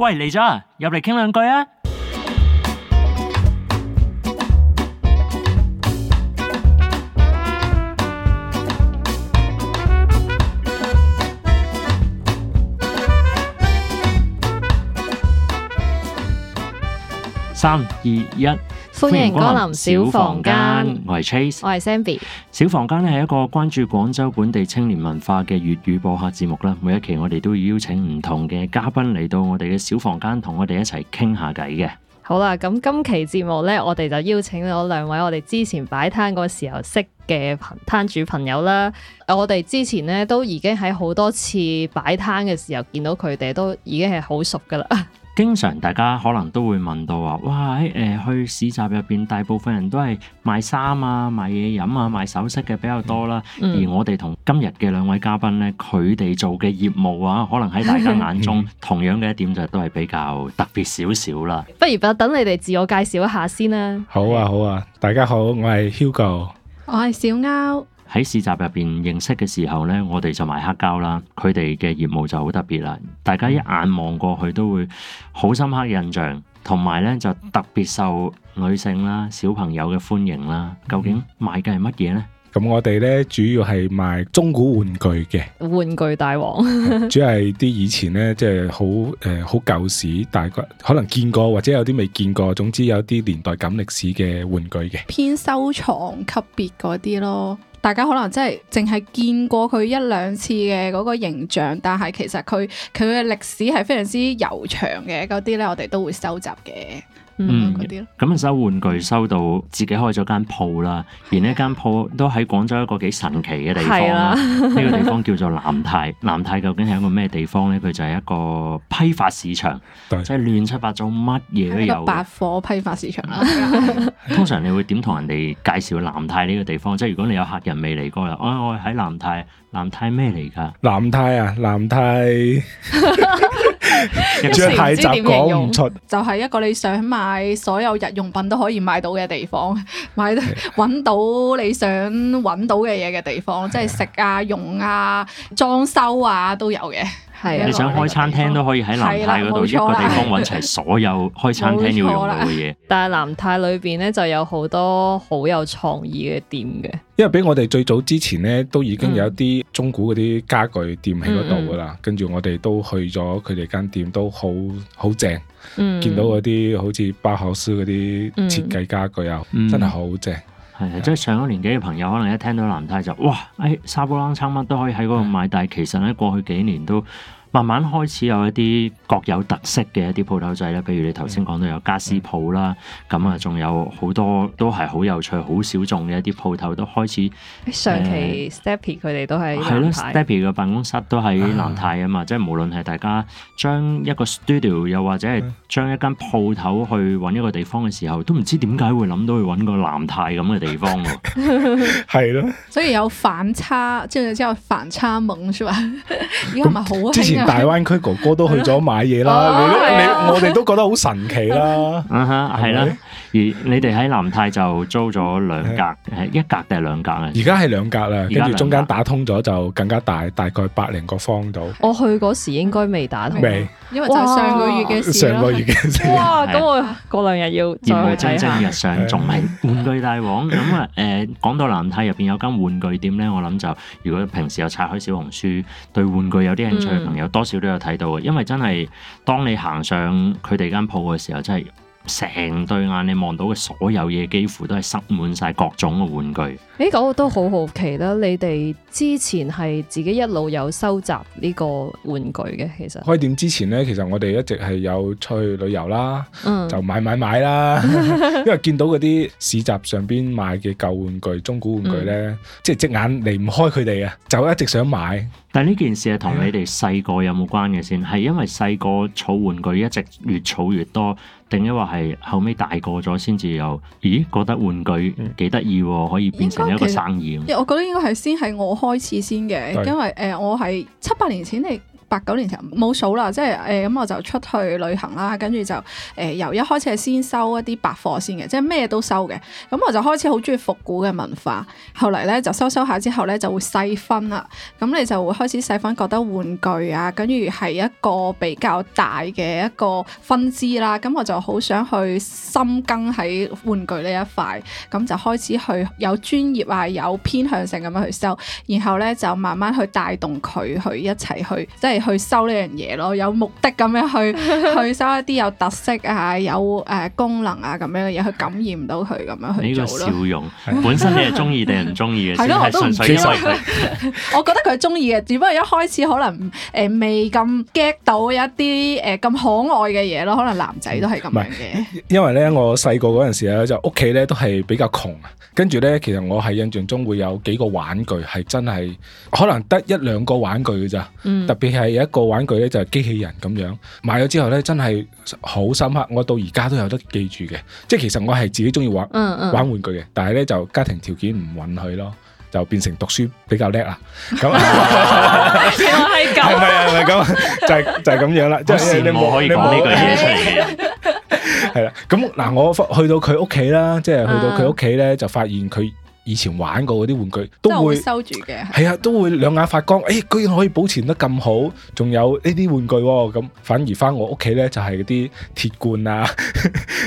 喂，嚟咗啊，入嚟傾兩句啊！三、二、一。歡迎光臨小房間，我係 Trace，我係 Zenbi。小房間咧係一個關注廣州本地青年文化嘅粵語播客節目啦。每一期我哋都會邀請唔同嘅嘉賓嚟到我哋嘅小房間聊聊，同我哋一齊傾下偈嘅。好啦，咁今期節目咧，我哋就邀請咗兩位我哋之前擺攤嗰時候識嘅攤主朋友啦。我哋之前咧都已經喺好多次擺攤嘅時候見到佢哋，都已經係好熟噶啦。經常大家可能都會問到話，哇喺誒、呃、去市集入邊，大部分人都係賣衫啊、賣嘢飲啊、賣首飾嘅比較多啦。嗯、而我哋同今日嘅兩位嘉賓咧，佢哋做嘅業務啊，可能喺大家眼中、嗯、同樣嘅一點就都係比較特別少少啦。 不如等你哋自我介紹一下先啦。好啊，好啊，大家好，我係 Hugo，我係小歐。喺市集入邊認識嘅時候呢，我哋就賣黑膠啦。佢哋嘅業務就好特別啦，大家一眼望過去都會好深刻嘅印象，同埋呢就特別受女性啦、小朋友嘅歡迎啦。究竟賣嘅係乜嘢呢？咁、嗯、我哋呢主要係賣中古玩具嘅，玩具大王。 主要係啲以前呢，即係好誒，好、呃、舊時，大概可能見過或者有啲未見過，總之有啲年代感、歷史嘅玩具嘅，偏收藏級別嗰啲咯。大家可能真係淨係見過佢一兩次嘅嗰個形象，但係其實佢佢嘅歷史係非常之悠長嘅嗰啲咧，我哋都會收集嘅。嗯，啲咁啊、嗯、收玩具收到自己開咗間鋪啦，而呢間鋪都喺廣州一個幾神奇嘅地方啦。呢 個地方叫做南泰， 南泰究竟係一個咩地方呢？佢就係一個批發市場，對即係亂七八糟乜嘢都有。百貨批發市場啦、 嗯。通常你會點同人哋介紹南泰呢個地方？ 即係如果你有客人未嚟過啦、哎，我我喺南泰，南泰咩嚟㗎？南泰啊，南泰。 一時唔知點形容，就係一個你想買所有日用品都可以買到嘅地方，買到，搵到你想搵到嘅嘢嘅地方，即係食啊、用啊、裝修啊都有嘅。個個你想開餐廳都可以喺南泰嗰度一個地方搵齊所有開餐廳要用到嘅嘢。但係南泰裏邊咧就有好多好有創意嘅店嘅。因為比我哋最早之前咧都已經有一啲中古嗰啲家具店喺嗰度噶啦，嗯、跟住我哋都去咗佢哋間店，都、嗯、好好正、嗯。嗯，見到嗰啲好似包豪斯嗰啲設計家具又真係好正。係，即係上咗年紀嘅朋友，可能一聽到南泰就哇，誒、哎、沙煲罌罉乜都可以喺嗰度買，的但係其實咧過去幾年都。慢慢開始有一啲各有特色嘅一啲鋪頭仔咧，譬如你頭先講到有家私鋪啦，咁啊、嗯，仲有好多都係好有趣、好小眾嘅一啲鋪頭都開始。上期 Stephy 佢哋都係係咯，Stephy 嘅辦公室都喺南泰啊嘛，嗯、即係無論係大家將一個 studio 又或者係將一間鋪頭去搵一個地方嘅時候，都唔知點解會諗到去搵個南泰咁嘅地方喎、啊。係咯，所以有反差，即係即係反差萌，係咪？而家咪好大灣區哥哥都去咗買嘢啦，你你我哋都覺得好神奇啦，嗯哼，係啦。而你哋喺南泰就租咗兩格，一格定係兩格啊？而家係兩格啦，跟住中間打通咗就更加大，大概百零個方度。我去嗰時應該未打通未？因為就上個月嘅事。上個月嘅事，哇，咁我過兩日要。業務蒸蒸日上，仲係玩具大王咁啊！誒，講到南泰入邊有間玩具店咧，我諗就如果平時有刷開小紅書，對玩具有啲興趣嘅朋友。多少都有睇到，因為真係當你行上佢哋間鋪嘅時候，真係成對眼睛你望到嘅所有嘢，幾乎都係塞滿曬各種嘅玩具。誒，嗰、嗰個都好好奇啦！你哋之前係自己一路有收集呢個玩具嘅，其實開店之前呢，其實我哋一直係有出去旅遊啦，嗯、就買買買啦， 因為見到嗰啲市集上邊買嘅舊玩具、中古玩具呢，嗯、即係隻眼離唔開佢哋啊，就一直想買。但係呢件事有有係同你哋細個有冇關嘅先？係、嗯、因為細個儲玩具一直越儲越多，定抑或係後尾大個咗先至有？咦，覺得玩具幾得意喎，可以變成～啲生意，因為我覺得應該係先係我開始先嘅。對因為誒、呃、我係七八年前嚟。八九年前冇數啦，即係誒咁我就出去旅行啦，跟住就誒、欸、由一開始係先收一啲百貨先嘅，即係咩都收嘅。咁我就開始好中意復古嘅文化，後嚟咧就收收下之後咧就會細分啦。咁你就會開始細分，覺得玩具啊，跟住係一個比較大嘅一個分支啦。咁我就好想去深耕喺玩具呢一塊，咁就開始去有專業啊，有偏向性咁樣去收，然後咧就慢慢去帶動佢去一齊去即係。去收呢樣嘢咯，有目的咁樣去去收一啲有特色啊、有誒功能啊咁樣嘅嘢，去感染到佢咁樣去做。呢個笑容，本身你係中意定係唔中意嘅先係純粹嘅。我覺得佢中意嘅，只不過一開始可能誒未咁 get 到一啲誒咁可愛嘅嘢咯，可能男仔都係咁樣嘅。因為咧，我細個嗰陣時咧，就屋企咧都係比較窮啊，跟住咧，其實我係印象中會有幾個玩具係真係可能得一兩個玩具嘅咋，特別係。有一個玩具咧，就係機器人咁樣，買咗之後咧，真係好深刻，我到而家都有得記住嘅。即係其實我係自己中意玩，嗯嗯，玩玩具嘅，但係咧就家庭條件唔允許咯，就變成讀書比較叻啦。咁原來係咁，係咪啊？係咪，就係就係咁樣啦。即係你冇可以講呢句嘢出嚟。係啦，咁嗱，我去到佢屋企啦，即係去到佢屋企咧，就發現佢。以前玩過嗰啲玩具都，都會收住嘅，係啊， 都會兩眼發光，誒、哎，居然可以保存得咁好，仲有呢啲玩具喎、哦，咁反而翻我屋企呢，就係嗰啲鐵罐啊，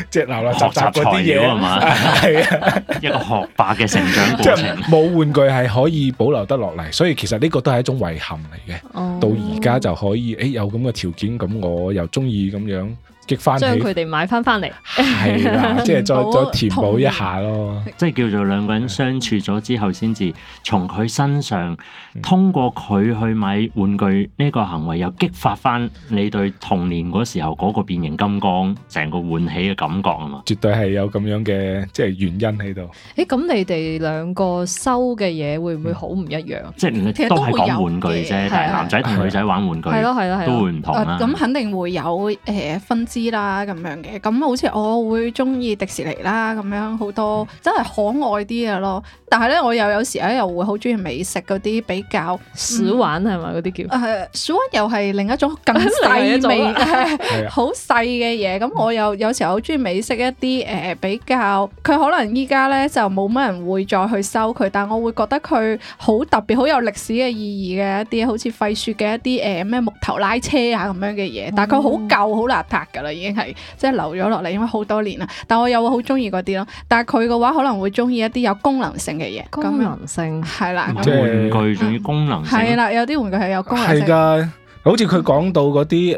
即係垃垃雜雜嗰啲嘢係嘛，係啊，一個學霸嘅成長過程，冇 玩具係可以保留得落嚟，所以其實呢個都係一種遺憾嚟嘅，到而家就可以，誒、哎、有咁嘅條件，咁我又中意咁樣。激翻，將佢哋買翻翻嚟，係啦，即係再再填補一下咯。即係叫做兩個人相處咗之後先至從佢身上通過佢去買玩具呢個行為又激發翻你對童年嗰時候嗰個變形金剛成個喚起嘅感覺啊嘛！絕對係有咁樣嘅即係原因喺度。誒，咁你哋兩個收嘅嘢會唔會好唔一樣？即係都係講玩具啫，但係男仔同女仔玩玩具，係咯，係咯，都會唔同，咁肯定會有誒分。知啦咁樣嘅，咁好似我會中意迪士尼啦，咁樣好多真係可愛啲嘅咯。但係咧，我又有時咧又會好中意美食嗰啲比較食、嗯、玩係咪？嗰啲叫，食、呃、玩又係另一種更細味嘅好細嘅嘢。咁我又有時好中意美食一啲誒、呃，比較佢可能依家咧就冇乜人會再去收佢，但我會覺得佢好特別，好有歷史嘅意義嘅一啲，好似廢墟嘅一啲誒咩木頭拉車啊咁樣嘅嘢，但佢好舊好邋遢嘅。啦，已經係即係留咗落嚟，因為好多年啦。但我又會好中意嗰啲咯。但係佢嘅話可能會中意一啲有功能性嘅嘢，功能性係啦，即係樣玩具仲要功能性係啦、嗯，有啲玩具係有功能性。好似佢講到嗰啲譬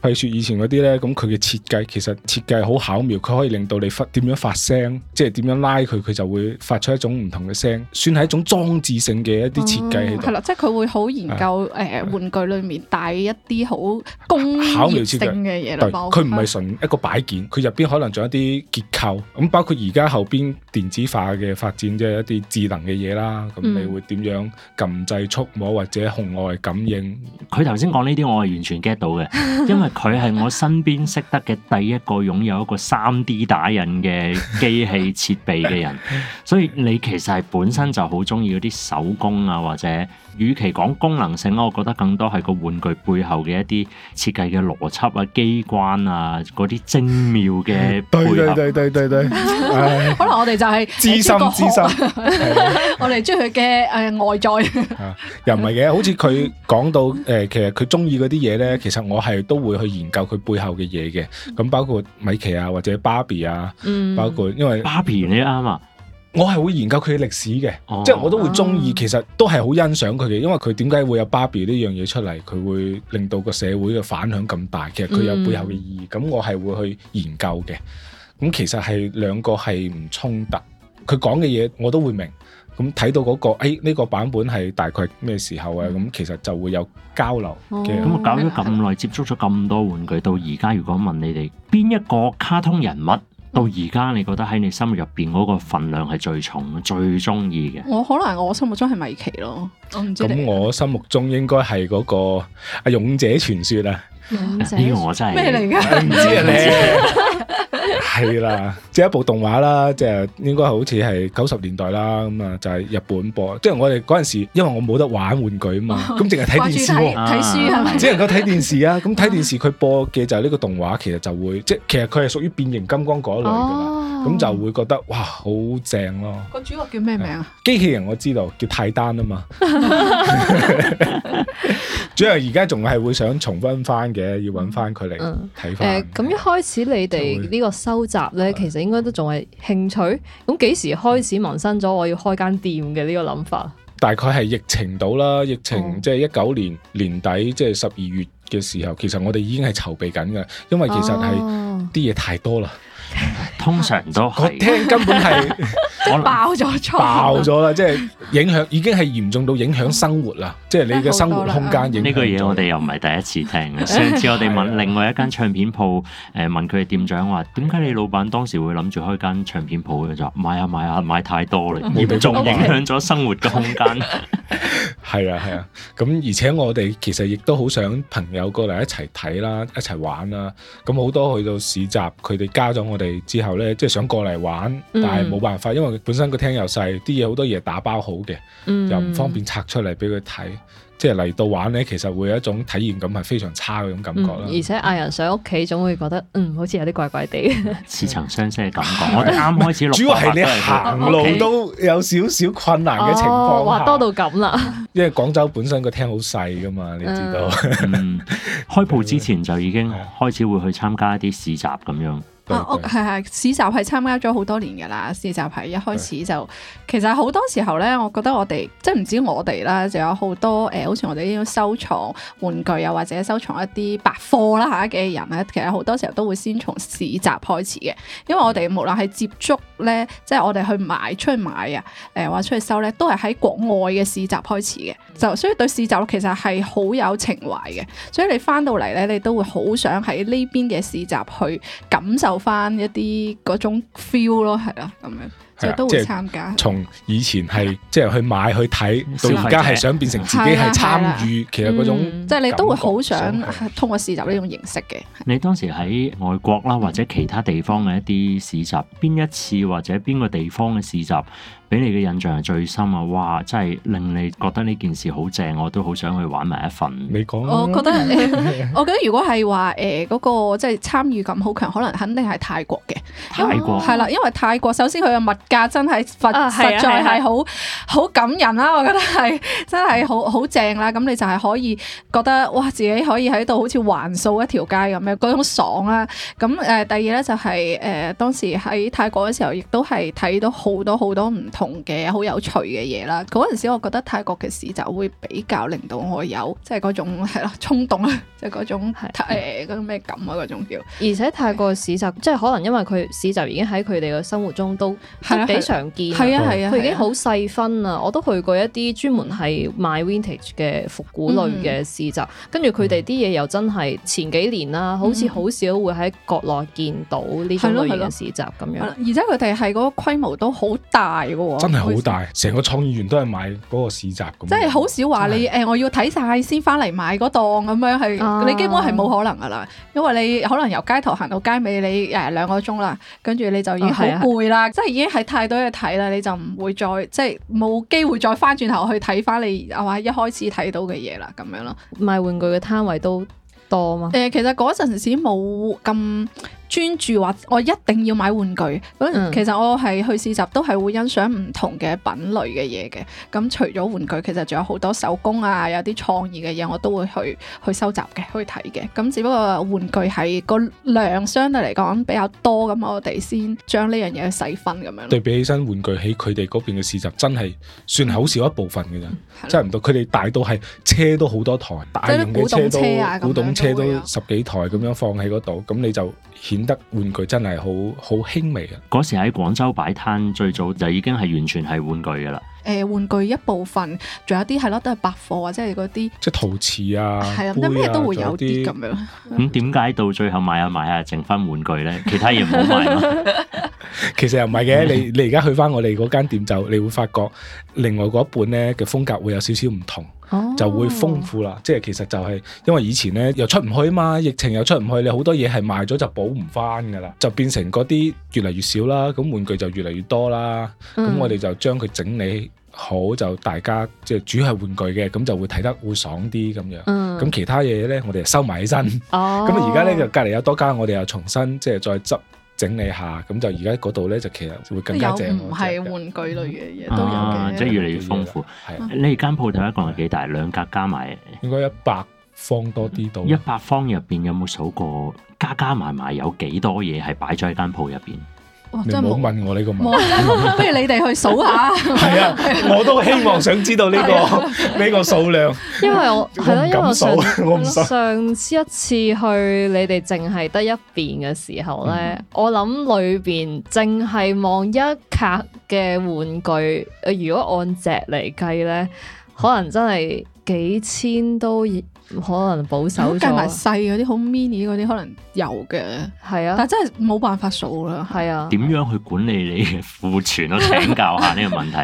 如説以前嗰啲咧，咁佢嘅設計其實設計好巧妙，佢可以令到你發點樣發聲，即係點樣拉佢，佢就會發出一種唔同嘅聲，算係一種裝置性嘅一啲設計。係啦，即係佢會好研究誒玩具裏面帶一啲好巧妙性嘅嘢。佢唔係純一個擺件，佢入邊可能仲有一啲結構。咁包括而家後邊電子化嘅發展，即係一啲智能嘅嘢啦。咁你會點樣撳掣觸摸或者紅外感應？佢頭先講。講呢啲我係完全 get 到嘅，因為佢係我身邊識得嘅第一個擁有一個 3D 打印嘅機器設備嘅人，所以你其實係本身就好中意嗰啲手工啊，或者，與其講功能性，我覺得更多係個玩具背後嘅一啲設計嘅邏輯啊、機關啊、嗰啲精妙嘅。對對對對對，對、哎，可能我哋就係、是、資深資知深 我哋中意佢嘅誒外在。啊、又唔係嘅，好似佢講到誒、呃、其實佢。中意嗰啲嘢呢，其實我係都會去研究佢背後嘅嘢嘅。咁包括米奇啊，或者芭比啊，嗯、包括因為芭比你啱啊，我係會研究佢嘅歷史嘅，即係、哦、我都會中意。哦、其實都係好欣賞佢嘅，因為佢點解會有芭比呢樣嘢出嚟？佢會令到個社會嘅反響咁大。其實佢有背後嘅意義，咁、嗯、我係會去研究嘅。咁其實係兩個係唔衝突，佢講嘅嘢我都會明。咁睇到嗰個，哎呢個版本係大概咩時候啊？咁其實就會有交流嘅。咁我搞咗咁耐，接觸咗咁多玩具，到而家如果問你哋邊一個卡通人物，到而家你覺得喺你心入邊嗰個份量係最重、最中意嘅？我可能我心目中係米奇咯，我唔知。咁我心目中應該係嗰個阿勇者傳說啊？勇者，呢個我真係咩嚟噶？唔知啊你。係啦，即係一部動畫啦，即係應該好似係九十年代啦，咁啊就係日本播。即係我哋嗰陣時，因為我冇得玩玩具嘛，咁淨係睇電視，睇書係咪？只能夠睇電視啊！咁睇電視佢播嘅就係呢個動畫，其實就會即係其實佢係屬於變形金剛嗰一類噶啦，咁就會覺得哇好正咯。個主角叫咩名啊？機器人我知道叫泰丹啊嘛。主要而家仲係會想重溫翻嘅，要搵翻佢嚟睇翻。咁一開始你哋呢個收。複雜咧，其實應該都仲係興趣。咁幾時開始萌生咗我要開間店嘅呢個諗法？大概係疫情到啦，疫情即係一九年年底，即係十二月嘅時候，其實我哋已經係籌備緊㗎，因為其實係啲嘢太多啦。哦通常都好我聽根本係即 爆咗 爆咗啦！即、就、係、是、影響已經係嚴重到影響生活啦， 即係你嘅生活空間影響。呢 個嘢我哋又唔係第一次聽。上次我哋問另外一間唱片鋪，誒、呃，問佢哋店長話：點解你老闆當時會諗住開間唱片鋪嘅？就買啊買啊買太多啦，嚴 重影響咗生活嘅空間。係啊係啊，咁、啊啊、而且我哋其實亦都好想朋友過嚟一齊睇啦，一齊玩啦。咁、啊、好多去到市集，佢哋加咗我。嚟之後咧，即係想過嚟玩，但係冇辦法，因為本身個廳又細，啲嘢好多嘢打包好嘅，嗯、又唔方便拆出嚟俾佢睇，即係嚟到玩咧，其實會有一種體驗感係非常差嗰種感覺啦、嗯。而且嗌人上屋企總會覺得，嗯，好似有啲怪怪地。似曾相識嘅感覺 我咁，啱開始。主要係你行路都有少少困難嘅情況下、哦，多到咁啦。因為廣州本身個廳好細噶嘛，你知道。嗯, 嗯。開鋪之前就已經開始會去參加一啲市集咁樣。啊，我係市集係參加咗好多年噶啦，市集係一開始就的其實好多時候咧，我覺得我哋即係唔止我哋啦，仲有好多誒，好、呃、似我哋呢種收藏玩具又或者收藏一啲百科啦嚇嘅、啊、人咧，其實好多時候都會先從市集開始嘅，因為我哋無論係接觸咧，即係我哋去買出去買啊，誒、呃、或出去收咧，都係喺國外嘅市集開始嘅，就所以對市集其實係好有情懷嘅，所以你翻到嚟咧，你都會好想喺呢邊嘅市集去感受。翻一啲嗰種 feel 咯，係啦，咁樣即都會參加。從以前係即係去買去睇，到而家係想變成自己係參與，其實嗰種即係、嗯就是、你都會好想通過市集呢種形式嘅。你當時喺外國啦，或者其他地方嘅一啲市集，邊一次或者邊個地方嘅市集？俾你嘅印象係最深啊！哇，真係令你覺得呢件事好正，我都好想去玩埋一份。你講、啊，我覺得、呃、 我覺得如果係話誒嗰個即係參與感好強，可能肯定係泰國嘅。因為泰國係啦，因為泰國首先佢嘅物價真係實在係好好感人啦，我覺得係真係好好正啦。咁你就係可以覺得哇、呃，自己可以喺度好似橫掃一條街咁樣嗰種爽啦。咁誒第二咧就係、是、誒、呃、當時喺泰國嘅時候，亦都係睇到好多好多唔同同嘅好有趣嘅嘢啦，嗰陣時我覺得泰國嘅市集會比較令到我有即係嗰種係啦衝動即係嗰種誒嗰的、哎、種咩感覺啊嗰種叫。而且泰國嘅市集的即係可能因為佢市集已經喺佢哋嘅生活中都幾常見，係啊係啊，佢已經好細分啊！我都去過一啲專門係賣 vintage 嘅復古類嘅市集，嗯、跟住佢哋啲嘢又真係前幾年啦，好似好少會喺國內見到呢種類嘅市集咁樣。而且佢哋係嗰個規模都好大喎、哦。真係好大，成個創意園都係買嗰個市集咁。即係好少話你誒的、哎，我要睇晒先翻嚟買嗰檔咁樣係，你基本係冇可能噶啦，因為你可能由街頭行到街尾，你誒兩個鐘啦，跟住你就已經好攰啦，哦啊、即係已經係太多嘢睇啦，你就唔會再即係冇機會再翻轉頭去睇翻你話一開始睇到嘅嘢啦，咁樣咯。賣玩具嘅攤位都多嘛？誒、哎，其實嗰陣時冇咁。專注話我一定要買玩具咁，其實我係去市集都係會欣賞唔同嘅品類嘅嘢嘅。咁除咗玩具，其實仲有好多手工啊，有啲創意嘅嘢我都會去去收集嘅，去睇嘅。咁只不過玩具係個量相對嚟講比較多咁，我哋先將呢樣嘢去細分咁樣。對比起身玩具喺佢哋嗰邊嘅市集，真係算係好少一部分嘅啫，真係唔到。佢哋大到係車都好多台，大型嘅車都古董車都十幾台咁樣放喺嗰度，咁你就顯得玩具真係好好輕微嘅，嗰時喺廣州擺攤，最早就已經係完全係玩具噶啦。誒、呃，玩具一部分，仲有啲係咯，都係百貨或者係嗰啲，即係陶瓷啊，係的啊，咁啲咩都會有啲咁樣。咁點解到最後賣、啊啊、下賣下剩翻玩具咧？其他嘢冇賣啊？ 其實又唔係嘅，你你而家去翻我哋嗰間店就你會發覺，另外嗰一半咧嘅風格會有少少唔同。就會豐富啦，即係其實就係、是、因為以前呢又出唔去啊嘛，疫情又出唔去，你好多嘢係賣咗就補唔返㗎啦，就變成嗰啲越嚟越少啦，咁玩具就越嚟越多啦，咁、嗯、我哋就將佢整理好就大家即係主要係玩具嘅，咁就會睇得會爽啲咁樣，咁、嗯、其他嘢呢，我哋收埋起身，咁而家呢，就隔籬有多間，我哋又重新即係再執。整理下咁就而家嗰度咧就其實會更加正。唔係玩具類嘅嘢、啊、都有、啊、即係越嚟越豐富。係你間鋪頭一共係幾大？的兩格加埋應該一百方多啲到。一百方入邊有冇數過？加加埋埋有幾多嘢係擺咗喺間鋪入邊？你唔好問我呢個問題，不如你哋去數下。係啊，我都希望想知道呢個呢個數量。因為我係咯，因為我上上一次去你哋淨係得一邊嘅時候咧，我諗裏邊淨係望一格嘅玩具，如果按隻嚟計咧，可能真係幾千都。可能保守咗，計埋細嗰啲好 mini 嗰啲，可能有嘅，係啊，但真係冇辦法數啦，係啊。點樣去管理你嘅庫存咯？請教下呢個問題，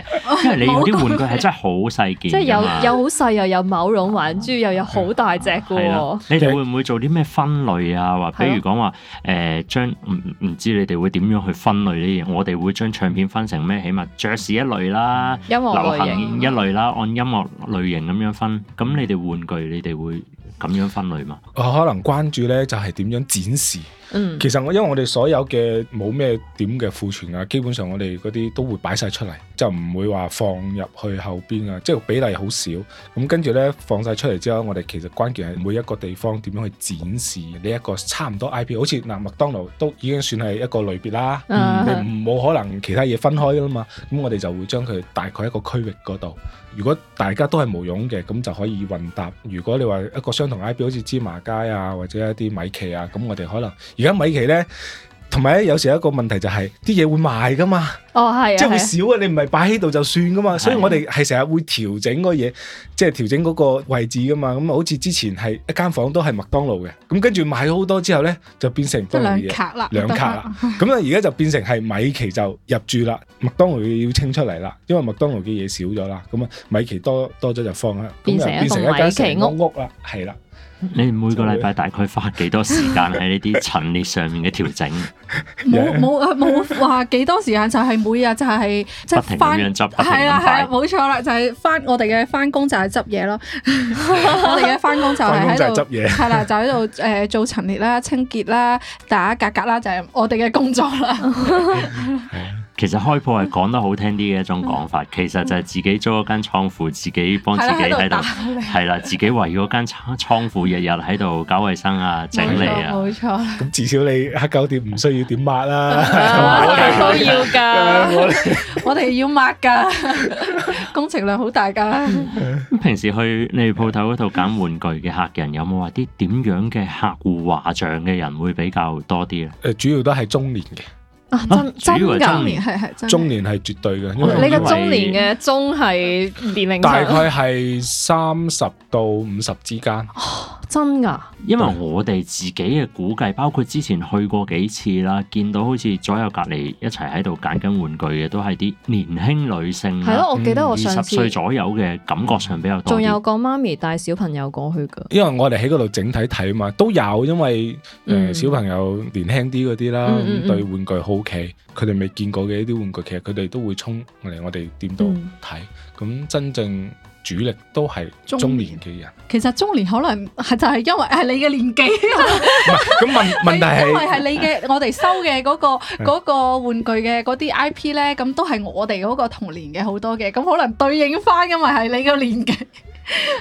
因為你啲玩具係真係好細件，即係有有好細，又有某種玩具，又有好大隻嘅喎。你哋會唔會做啲咩分類啊？話比如講話誒，將唔唔知你哋會點樣去分類呢啲嘢？我哋會將唱片分成咩？起碼爵士一類啦，音樂類型一類啦，按音樂類型咁樣分。咁你哋玩具你哋會？咁樣分類嘛？可能關注呢就係點樣展示。嗯，其實我因為我哋所有嘅冇咩點嘅庫存啊，基本上我哋嗰啲都會擺晒出嚟，就唔會話放入去後邊啊，即係比例好少。咁，嗯，跟住呢，放晒出嚟之後，我哋其實關鍵係每一個地方點樣去展示呢一個差唔多 IP。好似嗱，麥當勞都已經算係一個類別啦，你唔冇可能其他嘢分開噶嘛。咁我哋就會將佢大概一個區域嗰度。如果大家都係冇用嘅，咁就可以混搭。如果你話一個相同 IP，好似芝麻街啊，或者一啲米奇啊，咁我哋可能而家米奇呢。同埋咧，有時候一個問題就係啲嘢會賣噶嘛，哦係，即係會少啊！少啊，你唔係擺喺度就算噶嘛，啊、所以我哋係成日會調整嗰嘢，即係調整嗰個位置噶嘛。咁、嗯、啊，好似之前係一間房都係麥當勞嘅，咁、嗯、跟住買咗好多之後咧，就變成兩卡啦，當兩卡啦。咁啊，而家就變成係米奇就入住啦， 麥當勞要清出嚟啦，因為麥當勞嘅嘢少咗啦。咁啊，米奇多多咗就放啦，咁就變成一間小米旗 屋啦，係啦。你每個禮拜大概花幾多時間喺呢啲陳列上面嘅調整？冇冇啊！冇話幾多時間就係每日就係即係翻，係啦係啦，冇錯啦，就係、是、翻我哋嘅翻工就係執嘢咯。 我哋嘅翻工就係喺度執嘢，係 啦、啊，就喺度誒做陳列啦、清潔啦、打格格啦，就係、是、我哋嘅工作啦。 其實開鋪係講得好聽啲嘅一種講法，嗯、其實就係自己租一間倉庫，自己幫自己喺度，係啦、嗯，自己為圍咗間倉倉庫日日喺度搞衛生啊、整理啊。冇錯。咁至少你黑膠店唔需要點抹啦，都需要噶， 我哋要抹噶， 工程量好大噶。咁平時去你鋪頭嗰度揀玩具嘅客人，有冇話啲點樣嘅客戶畫像嘅人會比較多啲咧？誒，主要都係中年嘅。啊！真真嘅，係係中年係絕對嘅，你個中年嘅中係年齡大概係三十到五十之間。真噶因為我哋自己嘅估計，包括之前去過幾次啦，見到好似左右隔籬一齊喺度揀緊玩具嘅，都係啲年輕女性。係咯，我記得我二十歲左右嘅感覺上比較多。仲有個媽咪帶小朋友過去嘅。因為我哋喺嗰度整體睇嘛，都有因為誒，小朋友年輕啲嗰啲啦，對玩具好。屋企佢哋未見過嘅一啲玩具，其實佢哋都會沖嚟我哋店度睇。咁真正主力都係中年嘅人。其實中年可能係就係因為係你嘅年紀。咁問問題係因為係你嘅，我哋收嘅嗰個嗰個玩具嘅嗰啲 IP 咧，咁都係我哋嗰個童年嘅好多嘅。咁可能對應翻因為係你嘅年紀。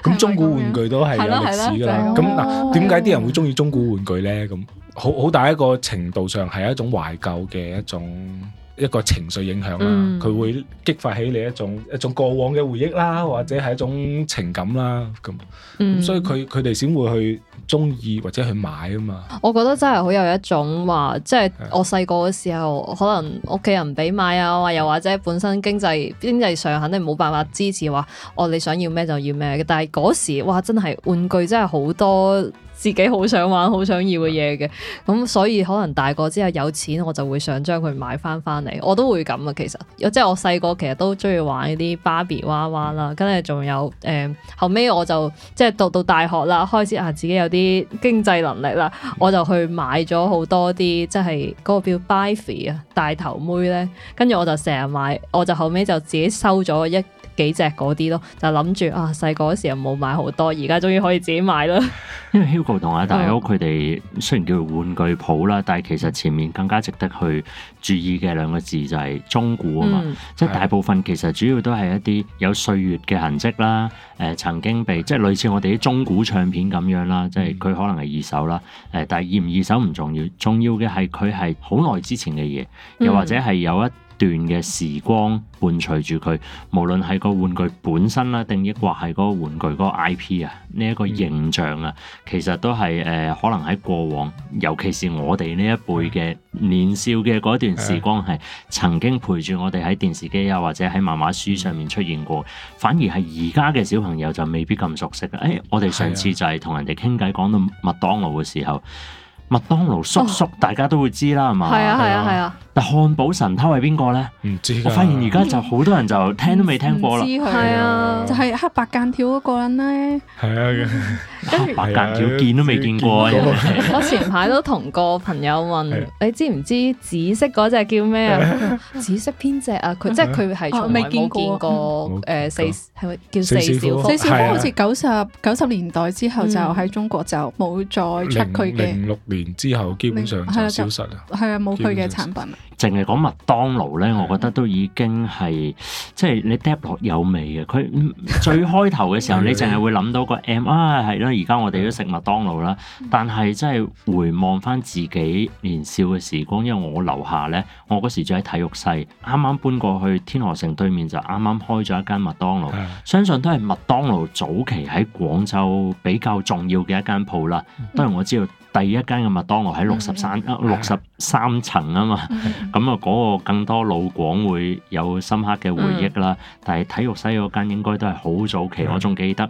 咁中古玩具都係係啦係啦。咁嗱，點解啲人會中意中古玩具咧？咁？好好大一個程度上係一種懷舊嘅一種一個情緒影響啦，佢、嗯、會激發起你一種一種過往嘅回憶啦，或者係一種情感啦，咁、嗯嗯、所以佢佢哋先會去鍾意或者去買啊嘛。我覺得真係好有一種話，即係、就是、我細個嘅時候，的可能屋企人唔俾買啊，又或者本身經濟經濟上肯定冇辦法支持話，哦，你想要咩就要咩嘅。但係嗰時哇，真係玩具真係好多。自己好想玩好想要嘅嘢嘅，咁所以可能大個之後有錢，我就會想將佢買翻翻嚟，我都會咁啊。其實即係我細個其實都中意玩呢啲芭比娃娃啦，跟住仲有誒、呃、後尾我就即係讀到大學啦，開始啊自己有啲經濟能力啦，我就去買咗好多啲，即係嗰個叫 Buffy 啊大頭妹咧，跟住我就成日買，我就後尾就自己收咗一。幾隻嗰啲咯，就諗住啊細個嗰時又冇買好多，而家終於可以自己買啦。因為 Hugo 同阿大屋佢哋雖然叫玩具鋪啦，嗯、但係其實前面更加值得去注意嘅兩個字就係中古啊嘛。嗯、即係大部分其實主要都係一啲有歲月嘅痕跡啦。誒、呃、曾經被即係類似我哋啲中古唱片咁樣啦，即係佢可能係二手啦。誒、呃、但係二唔二手唔重要，重要嘅係佢係好耐之前嘅嘢，又或者係有一。段嘅時光伴隨住佢，無論係個玩具本身啦，定抑或係嗰個玩具嗰個 IP 啊，呢一個形象啊，嗯、其實都係誒、呃，可能喺過往，尤其是我哋呢一輩嘅年少嘅嗰段時光，係曾經陪住我哋喺電視機啊，或者喺漫畫書上面出現過。嗯、反而係而家嘅小朋友就未必咁熟悉啦、哎。我哋上次就係同人哋傾偈講到麥當勞嘅時候。麥當勞叔叔，大家都會知啦，係嘛、哦？係啊係啊係啊！啊啊但漢堡神偷係邊個咧？唔知。我發現而家就好多人就聽都未聽過咯。係、嗯、啊，啊就係黑白間條嗰個人咧。係啊。 白間條見都未見過 我前排都同個朋友問 你知唔知紫色嗰隻叫咩啊？ 紫色邊隻啊，佢即係佢係從未見過誒、啊嗯、四係咪叫四小峰，四小峰好似九十九十年代之後就喺中國就冇再出佢嘅，零六年之後基本上就消失啦，係啊，冇佢嘅產品。淨係講麥當勞呢，的我覺得都已經係即係你 Dead 啲落有味嘅。佢最開頭嘅時候，你淨係會諗到個 M 啊，係啦。而家我哋都食麥當勞啦。但係真係回望翻自己年少嘅時光，因為我樓下呢，我嗰時住喺體育西，啱啱搬過去天河城對面就啱啱開咗一間麥當勞。的相信都係麥當勞早期喺廣州比較重要嘅一間鋪啦。的嗯、當然我知道。第一間嘅麥當勞喺六十三六十三層啊嘛，咁啊嗰個更多老廣會有深刻嘅回憶啦。嗯、但係體育西嗰間應該都係好早期。嗯、我仲記得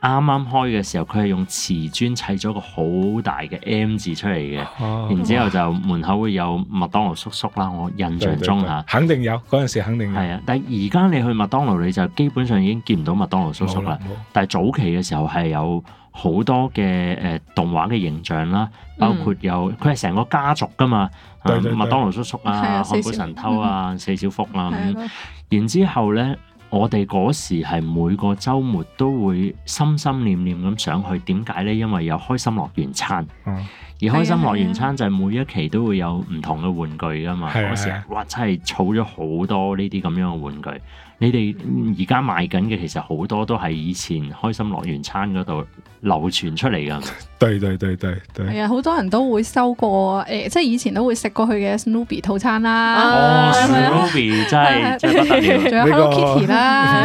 啱啱開嘅時候，佢係用瓷磚砌咗個好大嘅 M 字出嚟嘅，哦、然之後就門口會有麥當勞叔叔啦。哦、我印象中嚇，肯定有，嗰陣時肯定係啊。但係而家你去麥當勞，你就基本上已經見唔到麥當勞叔叔啦。但係早期嘅時候係有。好多嘅誒、呃、動畫嘅形象啦，包括有佢係成個家族噶嘛，麥當勞叔叔啊、對漢堡神偷啊、四小，四小福啊。咁。然之後呢，我哋嗰時係每個週末都會心心念念咁上去，點解呢？因為有開心樂園餐。嗯而開心樂園餐就係每一期都會有唔同嘅玩具噶嘛，嗰是的 時是的 哇真係儲咗好多呢啲咁樣嘅玩具。你哋而家賣緊嘅其實好多都係以前開心樂園餐嗰度流傳出嚟噶。對對，對對，係啊，好多人都會收過，誒、呃，即係以前都會食過佢嘅 Snoopy 套餐啦。 哦 Snoopy 真係最得意，仲 有 Hello Kitty 啦，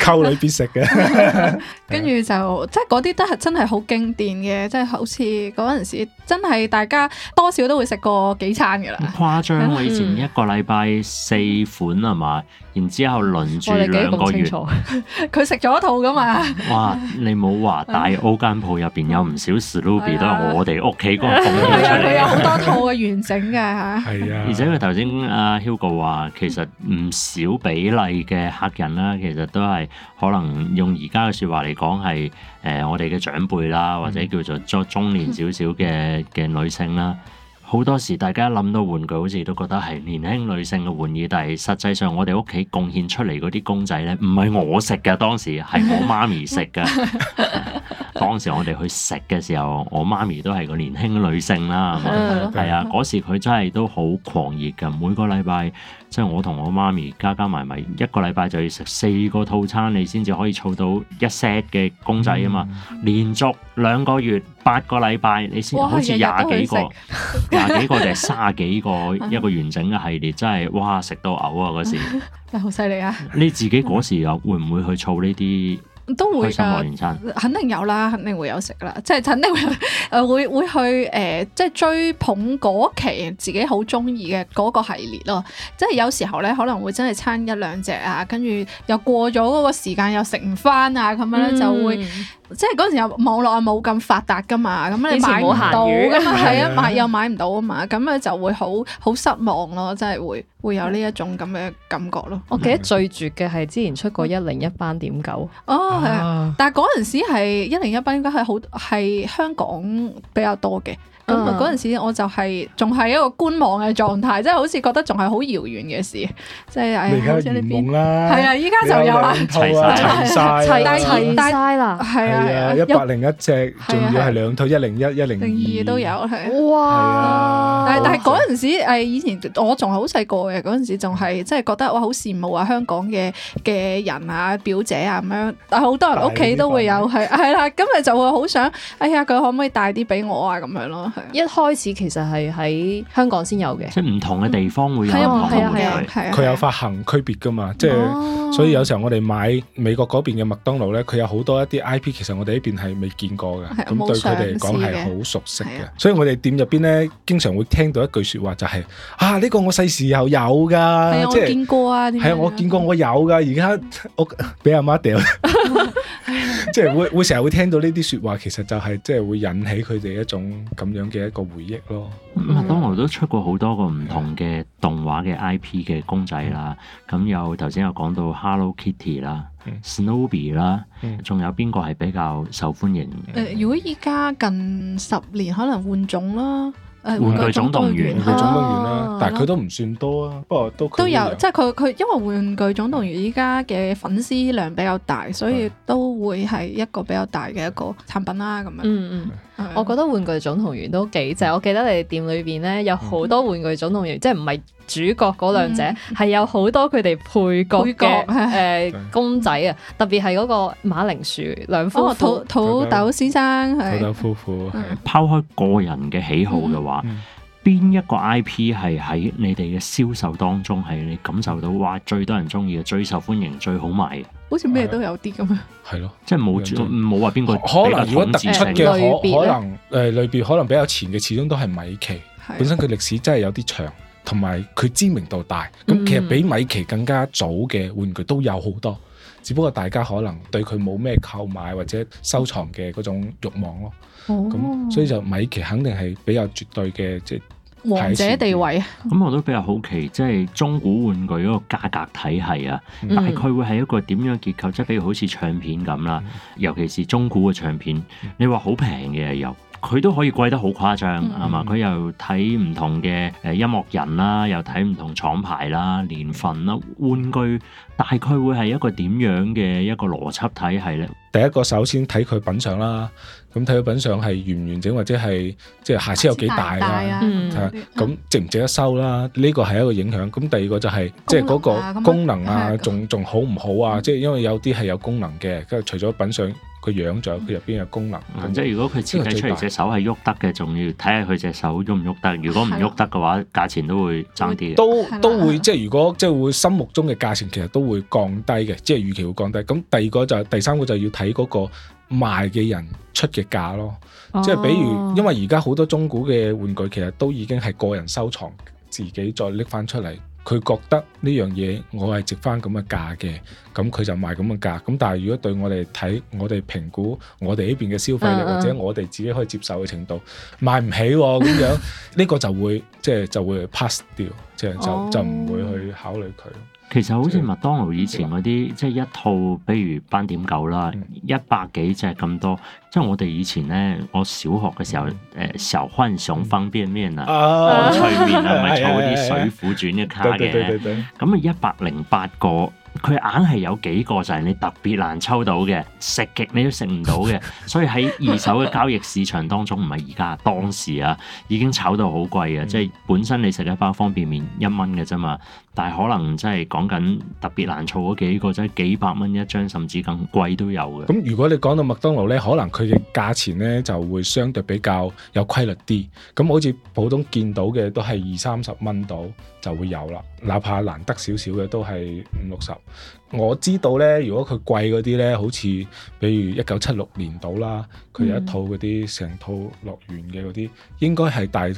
溝 女必食嘅。跟 住 就即係啲都係真係好經典嘅，即、就、係、是、好似嗰陣時真係大家多少都會食過幾餐㗎啦。誇張，我以前一個禮拜四款吖嘛。 然之後輪住兩個月，佢食咗一套㗎嘛。哇！你冇話 大 O 間鋪入邊有唔少 Snoopy、 啊、都係我哋屋企嗰個佢有好多套嘅完整嘅嚇。係 啊，而且佢頭先阿 Hugo 話，其實唔少比例嘅客人啦、啊，其實都係可能用而家嘅說話嚟講係誒我哋嘅長輩啦， 或者叫做中中年少少嘅嘅 女性啦。好多時大家諗到玩具，好似都覺得係年輕女性嘅玩意，但係實際上我哋屋企貢獻出嚟嗰啲公仔呢，唔係我食㗎，當時係我媽咪食㗎。 當時我哋去食嘅時候，我媽咪都係個年輕女性啦，係咪？係啊，嗰時佢真係都好狂熱㗎，每個禮拜即係我同我媽咪加加埋埋一個禮拜就要食四個套餐，你先至可以湊到一 set 嘅公仔啊嘛， 連續兩個月。八個禮拜你先哇好似像廿幾個廿幾個定係卅幾個一個完整嘅系列， 真係哇食到嘔啊！嗰 時真係好犀利啊！ 你自己嗰時又會唔會去湊呢啲開心樂園餐？都會，肯定有啦，肯定會有食啦，即係肯定會有誒會會去誒、呃、即係追捧嗰期自己好中意嘅嗰個系列咯。即係有時候咧可能會真係撐一兩隻啊，跟住又過咗嗰個時間又食唔翻啊咁樣咧就會。嗯 即係嗰時又網絡又冇咁發達噶嘛，咁你買唔到噶嘛，係啊，買又買唔到啊嘛，咁你 就會好好失望咯，真係會會有呢一種咁嘅感覺咯。我記得最絕嘅係之前出過一零一斑點狗。哦，係啊，但係嗰陣時係一零一斑應該係好係香港比較多嘅。咁啊！嗰陣時我就係仲係一個觀望嘅狀態，即係好似覺得仲係好遙遠嘅事，即係誒，夢啦，係啊！依家就有兩套啊，齊曬、齊大齊曬啦，係啊！一百零一隻，仲要係兩套一零一一零二都有，係哇！但但係嗰陣時誒，以前我仲係好細個嘅嗰陣時，仲係即係覺得哇，好羨慕啊！香港嘅嘅人啊，表姐啊咁樣，但係好多人屋企都會有係係啦，咁咪就會好想，哎呀，佢可唔可以帶啲俾我啊咁樣咯？一開始其實係喺香港先有嘅，即係唔同嘅地方會有唔同嘅，佢有發行區別噶嘛，即係所以有時候我哋買美國嗰邊嘅麥當勞咧，佢有好多一啲 IP，其實我哋呢邊係未見過嘅，咁對佢哋嚟講係好熟悉嘅。所以我哋店入邊咧，經常會聽到一句說話就係啊，呢個我細時候有噶，我見過啊，係啊，我見過我有噶，而家我俾阿媽掉，即係會會成日會聽到呢啲說話，其實就係即係會引起佢哋一種咁樣。嘅一個回憶咯。麥、嗯、當勞都出過好多個唔同嘅動畫嘅 IP 嘅公仔啦。咁、嗯、有頭先有講到 Hello Kitty 啦、Snoopy 啦，仲、嗯、有邊個係比較受歡迎嘅、嗯呃？如果依家近十年可能換種啦，呃、玩具總動員、玩具總動員啦，但係佢都唔算多啊。不過都有都有，即係佢佢因為玩具總動員依家嘅粉絲量比較大，所以都會係一個比較大嘅一個產品啦。咁樣，嗯嗯。我覺得玩具總動員都幾正，我記得你哋店裏邊咧有好多玩具總動員，嗯、即係唔係主角嗰兩者，係、嗯、有好多佢哋配角配角誒公仔啊，特別係嗰個馬鈴薯、兩夫、哦、土土豆、土豆先生、土豆夫婦。拋開個人嘅喜好嘅話，邊、嗯嗯、一個 IP 係喺你哋嘅銷售當中係你感受到哇最多人中意、嘅、最受歡迎、最好賣？好似咩都有啲咁樣，係咯，即係冇冇話邊個，可能如果突出嘅，可能誒，裏邊可能比較前嘅始終都係米奇，的本身佢歷史真係有啲長，同埋佢知名度大，咁其實比米奇更加早嘅玩具都有好多，嗯、只不過大家可能對佢冇咩購買或者收藏嘅嗰種欲望咯，咁、嗯、所以就米奇肯定係比較絕對嘅即。就是王者地位，咁我都比較好奇，即係中古玩具嗰個價格體系啊，大概會係一個點樣嘅結構？即係比如好似唱片咁啦，尤其是中古嘅唱片，你話好平嘅又，佢都可以貴得好誇張，係嘛、嗯？佢又睇唔同嘅誒音樂人啦，又睇唔同廠牌啦、年份啦，玩具大概會係一個點樣嘅一個邏輯體系呢？第一個首先睇佢品相啦。咁睇到品相係完唔完整，或者係即係瑕疵有幾大啦？咁值唔值得收啦？呢個係一個影響。咁第二個就係即係嗰個功能啊，仲仲好唔好啊？即係因為有啲係有功能嘅，跟住除咗品相佢樣，仲有，佢入邊嘅功能。即係如果佢設計出嚟隻手係喐得嘅，仲要睇下佢隻手喐唔喐得。如果唔喐得嘅話，價錢都會爭啲。都都會即係如果即係會心目中嘅價錢其實都會降低嘅，即係預期會降低。咁第二個就係第三個就要睇嗰個，賣嘅人出嘅價咯，即係比如，因為而家好多中古嘅玩具其實都已經係個人收藏，自己再拎翻出嚟，佢覺得呢樣嘢我係值翻咁嘅價嘅，咁佢就賣咁嘅價。咁但係如果對我哋睇，我哋評估，我哋呢邊嘅消費力或者我哋自己可以接受嘅程度賣唔起咁樣，呢、呢個就會即係 就，就會 pass 掉，即係、oh. 就就唔會去考慮佢。其實好似麥當勞以前嗰啲，即係一套，比如斑點狗啦，嗯、一百幾隻咁多。即係我哋以前呢，我小學嘅時候，誒時候可能想方便麵啊，乾脆麵啊，咪抽啲《水滸傳》嘅卡嘅。咁啊，一百零八個，佢硬係有幾個就係你特別難抽到嘅，食極你都食唔到嘅。 所以喺二手嘅交易市場當中，唔係而家，當時啊已經炒到好貴啊。即係、嗯、 本身你食一包方便麵一蚊嘅啫嘛。但係可能真係講緊特別難湊嗰幾個，真係幾百蚊一張，甚至更貴都有嘅。咁如果你講到麥當勞呢，可能佢嘅價錢呢就會相對比較有規律啲。咁好似普通見到嘅都係二三十蚊到就會有啦。哪怕難得少少嘅都係五六十。我知道呢，如果佢貴嗰啲呢，好似比如一九七六年到啦，佢有一套嗰啲成套樂園嘅嗰啲，應該係大概，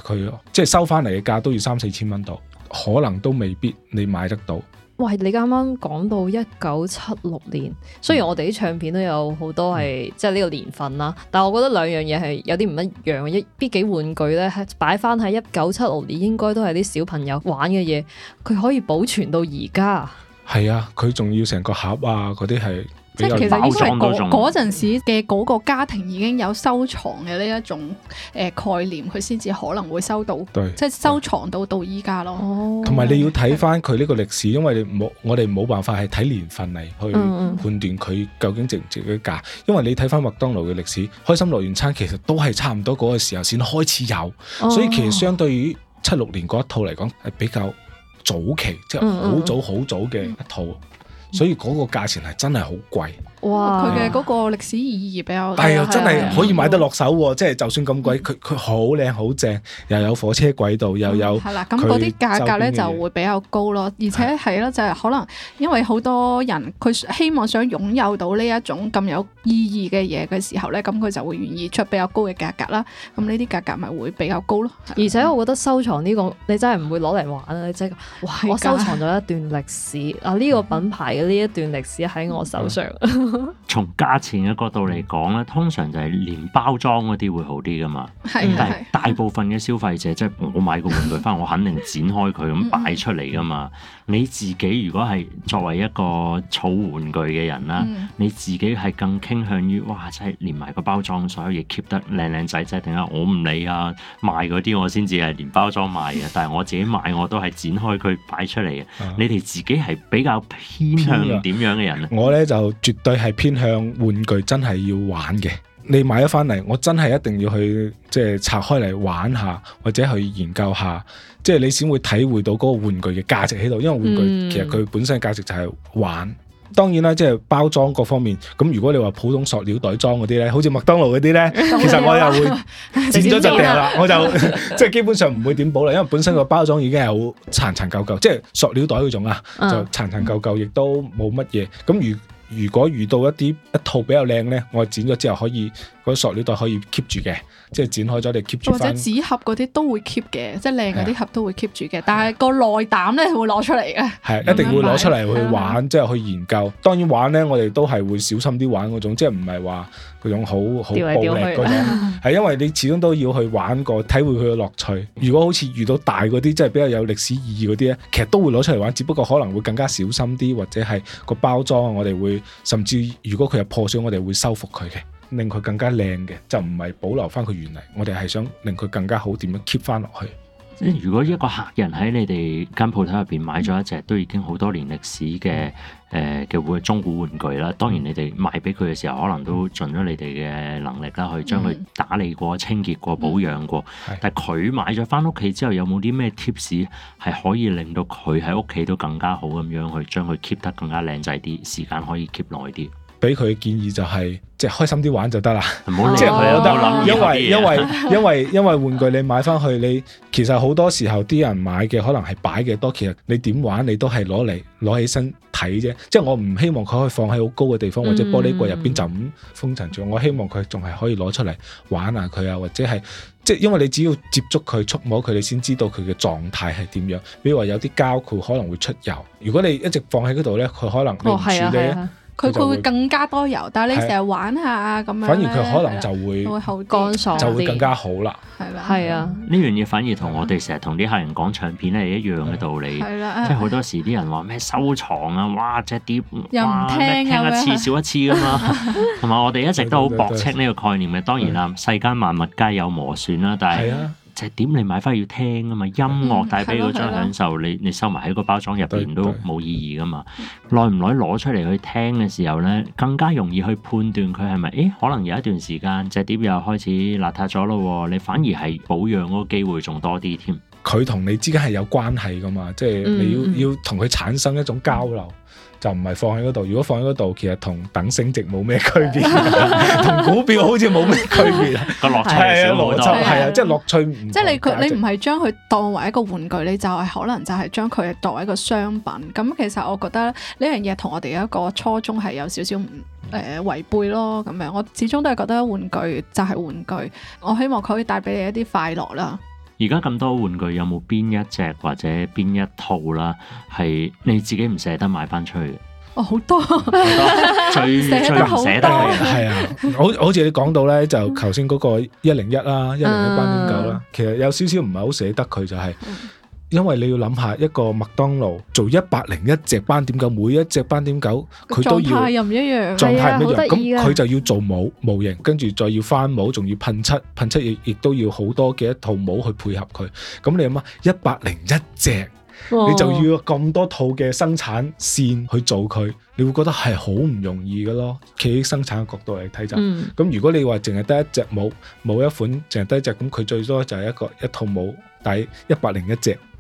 即係收翻嚟嘅價都要三四千蚊到。4, 可能都未必你買得到。喂，你啱啱講到一九七六年，雖然我哋啲唱片都有好多係、嗯、即係呢個年份啦，但我覺得兩樣嘢係有啲唔一樣。一啲幾玩具呢，擺翻喺一九七六年應該都係啲小朋友玩嘅嘢，佢可以保存到而家。係啊，佢仲要成個盒啊，嗰啲係。即係其實應該係嗰嗰陣時嘅嗰個家庭已經有收藏嘅呢一種誒、呃、概念，佢先至可能會收到，對即係收藏到到依家咯。同埋、哦、你要睇翻佢呢個歷史，因為冇我哋冇辦法係睇年份嚟去判斷佢究竟值唔值得價。嗯、因為你睇翻麥當勞嘅歷史，開心樂園餐其實都係差唔多嗰個時候先開始有，哦、所以其實相對於七六年嗰一套嚟講，係比較早期，即係好早好早嘅一套。嗯嗯所以嗰個價錢係真係好貴。哇！佢嘅嗰個歷史意義比較大，係啊，又真係可以買得落手喎！即係就算咁貴，佢佢好靚好正，又有火車軌道，又有係啦。咁嗰啲價格咧就會比較高咯，而且係咯，就係可能因為好多人佢希望想擁有到呢一種咁有意義嘅嘢嘅時候咧，咁佢就會願意出比較高嘅價格啦。咁呢啲價格咪會比較高咯。而且我覺得收藏呢個你真係唔會攞嚟玩啊！你真係，我收藏咗一段歷史啊！呢個品牌嘅呢一段歷史喺我手上。從價錢嘅角度嚟講咧，通常就係連包裝嗰啲會好啲噶嘛。係 但係大部分嘅消費者，即係我買個玩具翻，我肯定剪開佢咁擺出嚟噶嘛。嗯、你自己如果係作為一個儲玩具嘅人啦，嗯、你自己係更傾向於，哇，即係連埋個包裝所有嘢 keep 得靚靚仔仔。點解我唔理啊？賣嗰啲我先至係連包裝賣嘅，但係我自己買我都係剪開佢擺出嚟嘅。嗯、你哋自己係比較偏向點樣嘅人咧？我咧就絕對。係偏向玩具，真係要玩嘅。你買咗翻嚟，我真係一定要去即係拆開嚟玩下，或者去研究下，即係你先會體會到嗰個玩具嘅價值喺度。因為玩具其實佢本身價值就係玩。嗯、當然啦，即係包裝各方面。咁如果你話普通塑料袋裝嗰啲呢，好似麥當勞嗰啲呢，有其實我又會剪咗 知就掉啦。 我就 即係基本上唔會點補啦，因為本身個包裝已經係好殘殘舊舊，即係塑料袋嗰種啊，嗯、就殘殘舊舊，亦都冇乜嘢。咁如如果遇到一啲一套比較靚呢，我剪咗之後可以。嗰塑料袋可以 keep 住嘅，即係展開咗，你 keep 住。或者紙盒嗰啲都會 keep 嘅，即係靚嗰啲盒都會 keep 住嘅。但係個內膽咧，會攞出嚟嘅。係，一定會攞出嚟去玩，即係去研究。當然玩咧，我哋都係會小心啲玩嗰的種，即係唔係話嗰種好好暴力嗰種。係因為你始終都要去玩過，體會佢嘅樂趣。 如果好似遇到大嗰啲，即係比較有歷史意義嗰啲咧，其實都會攞出嚟玩，只不過可能會更加小心啲，或者係個包裝我哋會甚至如果佢有破損，我哋會修復佢嘅。令佢更加靚嘅，就唔係保留翻佢原嚟。我哋係想令佢更加好，點樣 keep 翻落去？即如果一個客人喺你哋間鋪頭入邊買咗一隻都已經好多年歷史嘅誒嘅會中古玩具啦，當然你哋賣俾佢嘅時候，可能都盡咗你哋嘅能力啦，去將佢打理過、嗯、清潔過、保養過。嗯、但係佢買咗翻屋企之後，有冇啲咩 tips 係可以令到佢喺屋企都更加好咁樣去將佢 keep 得更加靚仔啲，時間可以 keep 耐啲？俾佢嘅建議就係即係開心啲玩就得啦，即係 我都諗，哦、因為、啊哎、因為因為因為玩具你買翻去你其實好多時候啲人買嘅可能係擺嘅多，其實你點玩你都係攞嚟攞起身睇啫。即、就、係、是、我唔希望佢可以放喺好高嘅地方或者玻璃櫃入邊就咁封塵住。嗯、我希望佢仲係可以攞出嚟玩下佢啊，或者係即係因為你只要接觸佢觸摸佢，你先知道佢嘅狀態係點樣。比如話有啲膠佢可能會出油，如果你一直放喺嗰度咧，佢可能唔處理、哦、啊。佢佢會更加多油，但係你成日玩下咁樣，反而佢可能就會會好乾爽，就會更加好啦。係啦，係啊，呢樣嘢反而同我哋成日同啲客人講唱片咧一樣嘅道理，即係好多時啲人話咩收藏啊，哇，隻碟又唔聽，聽一次少一次㗎嘛。同埋我哋一直都好薄清呢個概念嘅。當然啦，世間萬物皆有磨損啦，但係，隻碟你買翻要聽啊嘛，音樂帶俾嗰種享受，嗯、你你收埋喺個包裝入邊都冇意義噶嘛。耐唔耐攞出嚟去聽嘅時候呢，更加容易去判斷佢係咪，誒可能有一段時間隻碟又開始邋遢咗咯。你反而係保養嗰個機會仲多啲添。佢同你之間係有關係噶嘛，即係你要、嗯、要同佢產生一種交流。就唔係放喺嗰度，如果放喺嗰度，其實同等升值冇咩區別，同股票好似冇咩區別，個 樂趣係啊，樂趣係啊，即係的對樂趣。即係你佢你唔係將佢當為一個玩具，你就係可能就係將佢當為一個商品。咁其實我覺得呢樣嘢同我哋一個初衷係有少少唔誒違背咯。咁樣我始終都係覺得玩具就係玩具，我希望佢可以帶俾你一啲快樂啦。而家咁多玩具有冇邊一隻或者邊一套啦，係你自己唔捨得買翻出去嘅？哦，好多，好多，最唔捨得，係啊！啊好好似你講到咧，就頭先嗰個一零一啦，一零一斑點狗啦，其實有少少唔係好捨得佢就係、是。嗯因為你要諗下一個麥當勞做一百零一隻斑點狗，每一隻斑點狗佢都要狀態又唔一樣，狀態唔一樣咁佢就要做模模型，跟住再要翻模，仲要噴漆，噴漆亦亦都要好多嘅一套模去配合佢。咁你諗下一百零一隻，你就要咁多套嘅生產線去做佢，你會覺得係好唔容易嘅咯。企喺生產嘅角度嚟睇就咁。如果你話淨係得一隻模冇一款，淨係得一隻咁，佢最多就係一個一套模抵一百零一隻。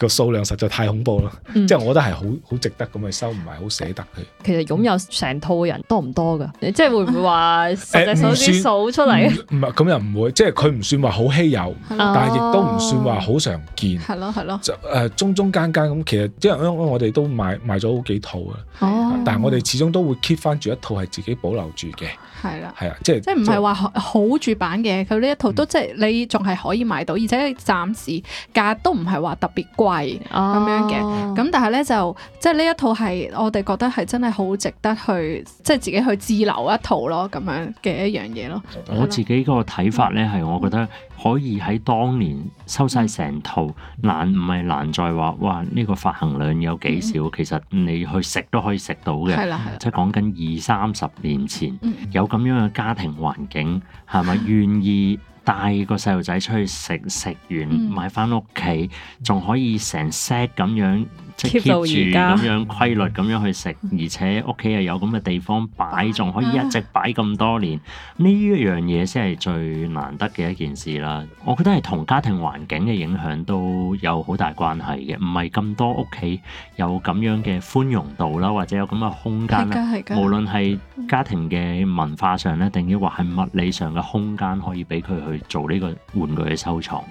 個數量實在太恐怖啦，即係我覺得係好好值得咁去收，唔係好捨得去。其實擁有成套嘅人多唔多㗎？即係會唔會話隻手指數出嚟？唔係咁又唔會，即係佢唔算話好稀有，但係亦都唔算話好常見。係咯係咯，誒中中間間咁，其實即係我哋都買買咗好幾套啊。但係我哋始終都會 keep 翻住一套係自己保留住嘅。係啦，係啊，即係即係唔係話好絕版嘅？佢呢一套都即係你仲係可以買到，而且暫時價都唔係話特別貴。咁、啊、樣嘅，咁但係咧就即係呢一套係我哋覺得係真係好值得去，即係自己去自留一套咯，咁樣嘅一樣嘢咯。我自己個睇法咧，係、嗯、我覺得可以喺當年收晒成套、嗯、難，唔係難在話哇呢、呢個發行量有幾少，嗯、其實你去食都可以食到嘅。係啦、嗯，啊啊、即係講緊二三十年前、嗯嗯、有咁樣嘅家庭環境，係咪願意？ 帶個細路仔出去食，食完、嗯、買翻屋企，仲可以成 set 咁樣。keep 住咁樣規律咁樣去食，而且屋企又有咁嘅地方擺，仲可以一直擺咁多年，呢一樣嘢先係最難得嘅一件事啦。我覺得係同家庭環境嘅影響都有好大關係嘅，唔係咁多屋企有咁樣嘅寬容度啦，或者有咁嘅空間啦。無論係家庭嘅文化上咧，定抑或係物理上嘅空間，可以俾佢去做呢個玩具嘅收藏。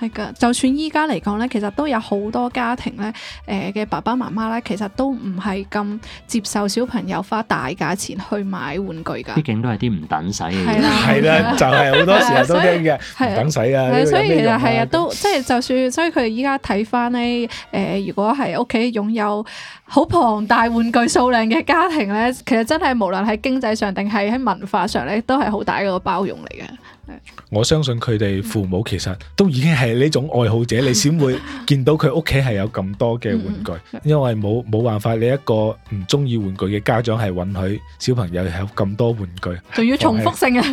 係噶，就算依家嚟講咧，其實都有好多家庭咧，誒、呃、嘅爸爸媽媽咧，其實都唔係咁接受小朋友花大價錢去買玩具噶。畢竟都係啲唔等使嘅係啦，就係、是、好多時候都驚嘅，等使啊，的啊。所以其實係啊，都即係就算，所以佢依家睇翻咧，誒、呃，如果係屋企擁有好龐大玩具數量嘅家庭咧，其實真係無論喺經濟上定係喺文化上咧，都係好大一個包容嚟嘅。我相信佢哋父母其實都已經係呢種愛好者，你先會見到佢屋企係有咁多嘅玩具，因為冇冇辦法，你一個唔中意玩具嘅家長係允許小朋友有咁多玩具，仲要重複性啊。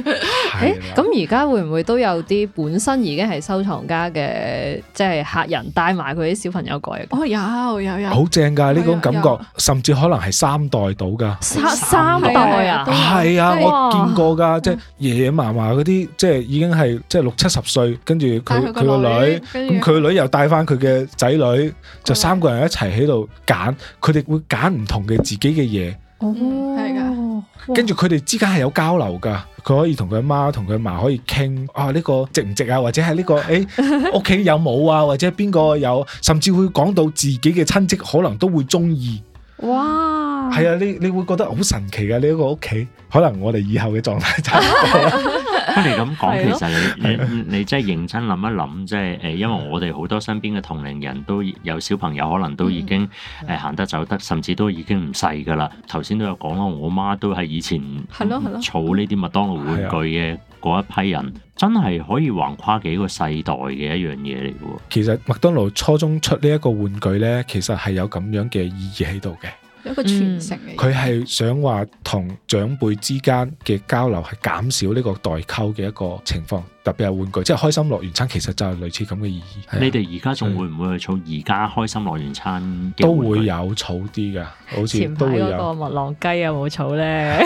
咁而家會唔會都有啲本身已經係收藏家嘅，即係客人帶埋佢啲小朋友過嚟？哦，有有有，好正噶呢種感覺，甚至可能係三代到噶，三三代啊，係啊，我見過噶，即係爺爺嫲嫲嗰啲，即係。即係已經係即係六七十歲，跟住佢佢個女，咁佢個女又帶翻佢嘅仔女，就三個人一齊喺度揀，佢哋會揀唔同嘅自己嘅嘢。係跟住佢哋之間係有交流噶，佢哇可以同佢阿媽、同佢阿嫲可以傾啊，呢、這個值唔值啊，或者係呢、這個誒屋企有冇啊，或者邊個有，甚至會講到自己嘅親戚可能都會中意。哇！係、嗯、啊，你你會覺得好神奇噶、啊，呢個屋企可能我哋以後嘅狀態就～ 不過你咁講，其實你你你真係認真諗一諗，即係誒，因為我哋好多身邊嘅同齡人都有小朋友，可能都已經誒行得走得，甚至都已經唔細噶啦。頭先都有講咯，我媽都係以前係咯係咯，儲呢啲麥當勞玩具嘅嗰一批人，的真係可以橫跨幾個世代嘅一樣嘢嚟嘅。其實麥當勞初中出呢一個玩具咧，其實係有咁樣嘅意義喺度嘅。一個傳承嚟，佢係想話同長輩之間嘅交流係減少呢個代溝嘅一個情況。特別係玩具，即係開心樂園餐，其實就係類似咁嘅意義。你哋而家仲會唔會去儲而家開心樂園餐？都會有儲啲㗎，好似陣都會有。潛水嗰個麥浪雞有冇儲咧？